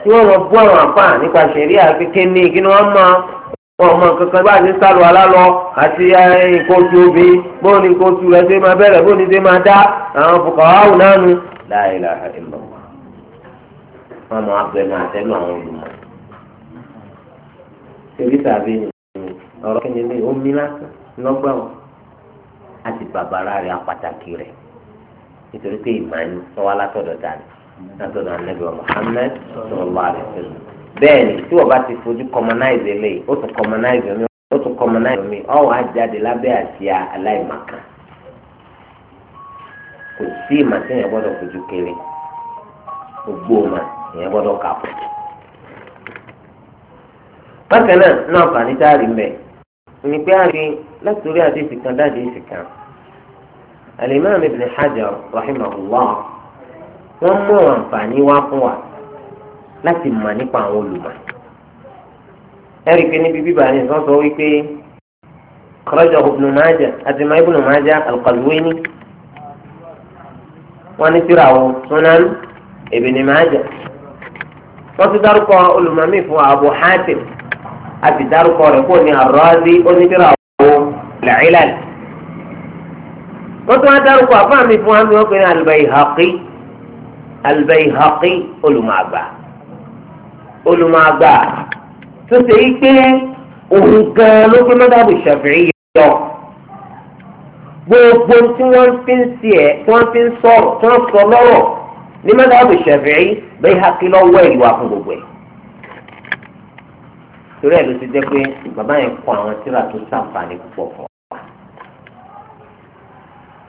tí wọ́n lọ bú àwọn àpá nípa ṣẹ̀ríà kékeré kí ni wọ́n máa ọmọ kankan bá ti sálọ alálọ àti nǹkan oṣù obì bóun ni nǹkan oṣù rẹ ṣe máa bẹ̀rẹ̀ bóun ni ṣe máa dá àwọn fòkàwáwò nánu láìláha ìlọ̀wọ̀. wọn mọ abẹnú àtẹlù àwọn olùmọ̀ torí tàbí ọ̀rọ̀ kí ni lè omi lásán lọ́gbà wọn àti apàtàkì nítorí pé wọn wá látọ̀dọ̀ dání látọ̀dọ̀ ni tí bá ti fojú commonize eléyìí ó tún commonize omi ó tún commonize omi ọ̀hún á jáde lábẹ́ àsíá kò sí ìmọ̀ tí yẹn gbọ́dọ̀ fojú kéré ìyẹn gbọ́dọ̀ kà fún. bákan náà náà àǹfààní tá a rí mbẹ ní pé a rí látòrí àdéhùn kan dáàdé ìsìn kan Al-Imam Ibn Hajar rahimahullah wọ́n mú àǹfààní wá fún wa láti mọ̀ nípa àwọn olùmọ̀ ẹ̀rí pé níbi bíbá ni sọ sọ wípé kọ́lọ́jọ́ Ibn Majah àti mọ́ Ibn Majah al-Qalwaini wọ́n ní wọn Sunan Ibn Majah wọ́n ti dárúkọ olùmọ̀mí fún Abu Hatim a ti dárúkọ rẹ̀ kó ní Ar-Razi onídìrà owó làílàlì. wọ́n tún wá dárúkọ àfáàmì fún àmì wọn pé ní Al-Bayhaqi olùmọ̀àgbà olùmọ̀àgbà tó ṣe é pé òun gan ló gbé mọ́tàbù Shafi'i yọ gbogbo tí wọ́n fi ń sọ lọ́rọ̀ ní mẹ́tàbù Shafi'i Bayhaqi lọ́wọ́ ìlú àfún gbogbo ẹ̀ torí ẹ̀ ló ti jẹ́ pé bàbá yẹn kọ àwọn tíra tó sàǹfààní púpọ̀ fún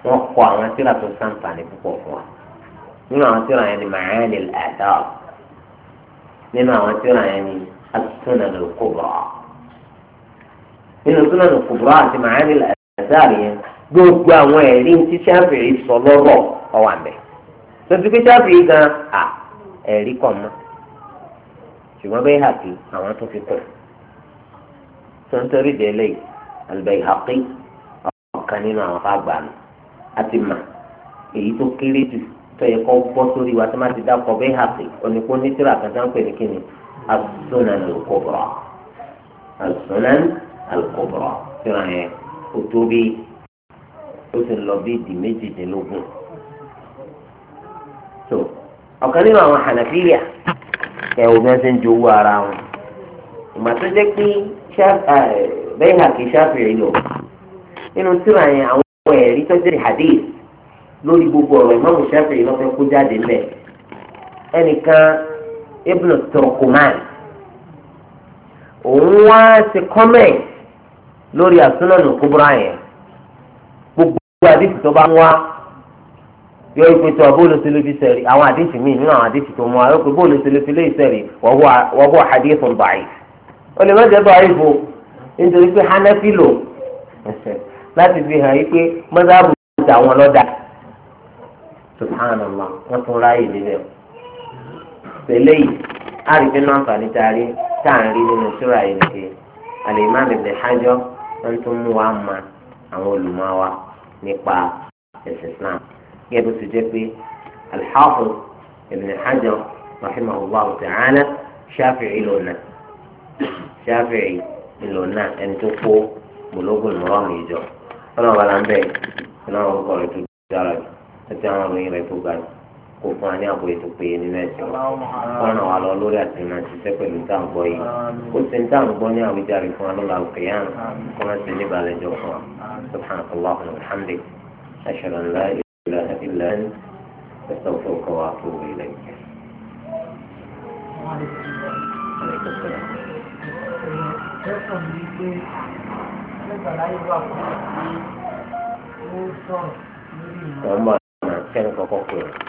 wa wọ́n kọ àwọn tíra tó sàǹfààní púpọ̀ fún wa nínú àwọn tíra yẹn ni Ma'ani al-Athar nínú àwọn tíra yẹn ni As-Sunan al-Kubra nínú Sunan al-Kubra àti Ma'ani al-Athar yẹn gbogbo àwọn ẹ̀rí tí Shafi'i sọ lọ́rọ̀ ọ̀wà mẹ́ tontu pé sábìrì gan à ẹ̀rí kọ̀ mọ́ ṣùgbọ́n bẹ́ẹ̀ hà kí àwọn tó fi kọ̀ tontori délé Al-Bayhaqi ọ̀kan nínú àwọn àgbà mi àti mà èyí tó kéré jù tó yẹ kó bọ́ sórí wa tó má ti dákọ̀ Bayhaqi onípo nítorí àkàtà pè ní kíni As-Sunan Al-Kubra As-Sunan Al-Kubra tíra ó ti lọ bí ìdí méjìdínlógún. so ọ̀kan nínú àwọn o ẹ̀ wò bí ṣe ń jowó ara wọn ìgbà tó jẹ́ pé bẹ́ẹ̀ hà kì í ṣàfihàn yìí nínú tíra yẹn àwọn hadith lórí gbogbo ọ̀rọ̀ ìmáàmù ṣàfihàn lọ́fẹ́ kó jáde lẹ̀ ẹnìkan ibn òun wá ṣe lórí yẹn gbogbo àdìsí tó bá ń yóò rí pé tó bóòlù sí ló fi sẹ̀rí àwọn àdéhùn míì nínú àwọn àdéhùn tó mú àwọn pé bóòlù sí ló fi léyìí sẹ̀rí wọ́n bọ̀ àdéhùn báyìí. ó lè má jẹ́ báyìí fo nítorí pé hanafi lò láti fi hàn yìí pé mọ́sáàbù ti àwọn lọ́dà subhanallah wọ́n tún ráyè nílẹ̀ pẹ̀lẹ́ yìí àrífẹ́ náà fàní taari tá à ń rí nínú sura yìí nìke Al-Imam Ibn Hajar wọ́n tún mú wa mọ àwọn olùmọ̀ wa nípa ẹ̀sìn Islam. gẹ́gẹ́ bó ti jẹ́ pé al-Hafiz Ibn Hajar rahimahullahu ta'ala Shafi'i lòna Shafi'i lòna ẹni tó kó gbólógùn mọ́rọ́ mi jọ ọlọ́run bala ń bẹ̀ ọlọ́run orúkọ rẹ̀ tó dára jù àti àwọn ọ̀rọ̀ rẹ̀ tó ga jù kò fún wa ní àbọ̀ ètò péye nínú ẹ̀sìn wa kọ́nà wa lọ lórí àti ìrìn àti iṣẹ́ pẹ̀lú tá à ń gbọ́ yìí kó sì ń tá à ń gbọ́ ní àwíjàre fún wa lọ́la òkè yá kó má sì ní balẹ̀ jọ fún wa subhanahu wa ta'ala alhamdulilayi. إله إلا أنت أستغفرك وأتوب إليك عليكم السلام Ọmọ àti ẹnì kọ̀ọ̀kan kúrò.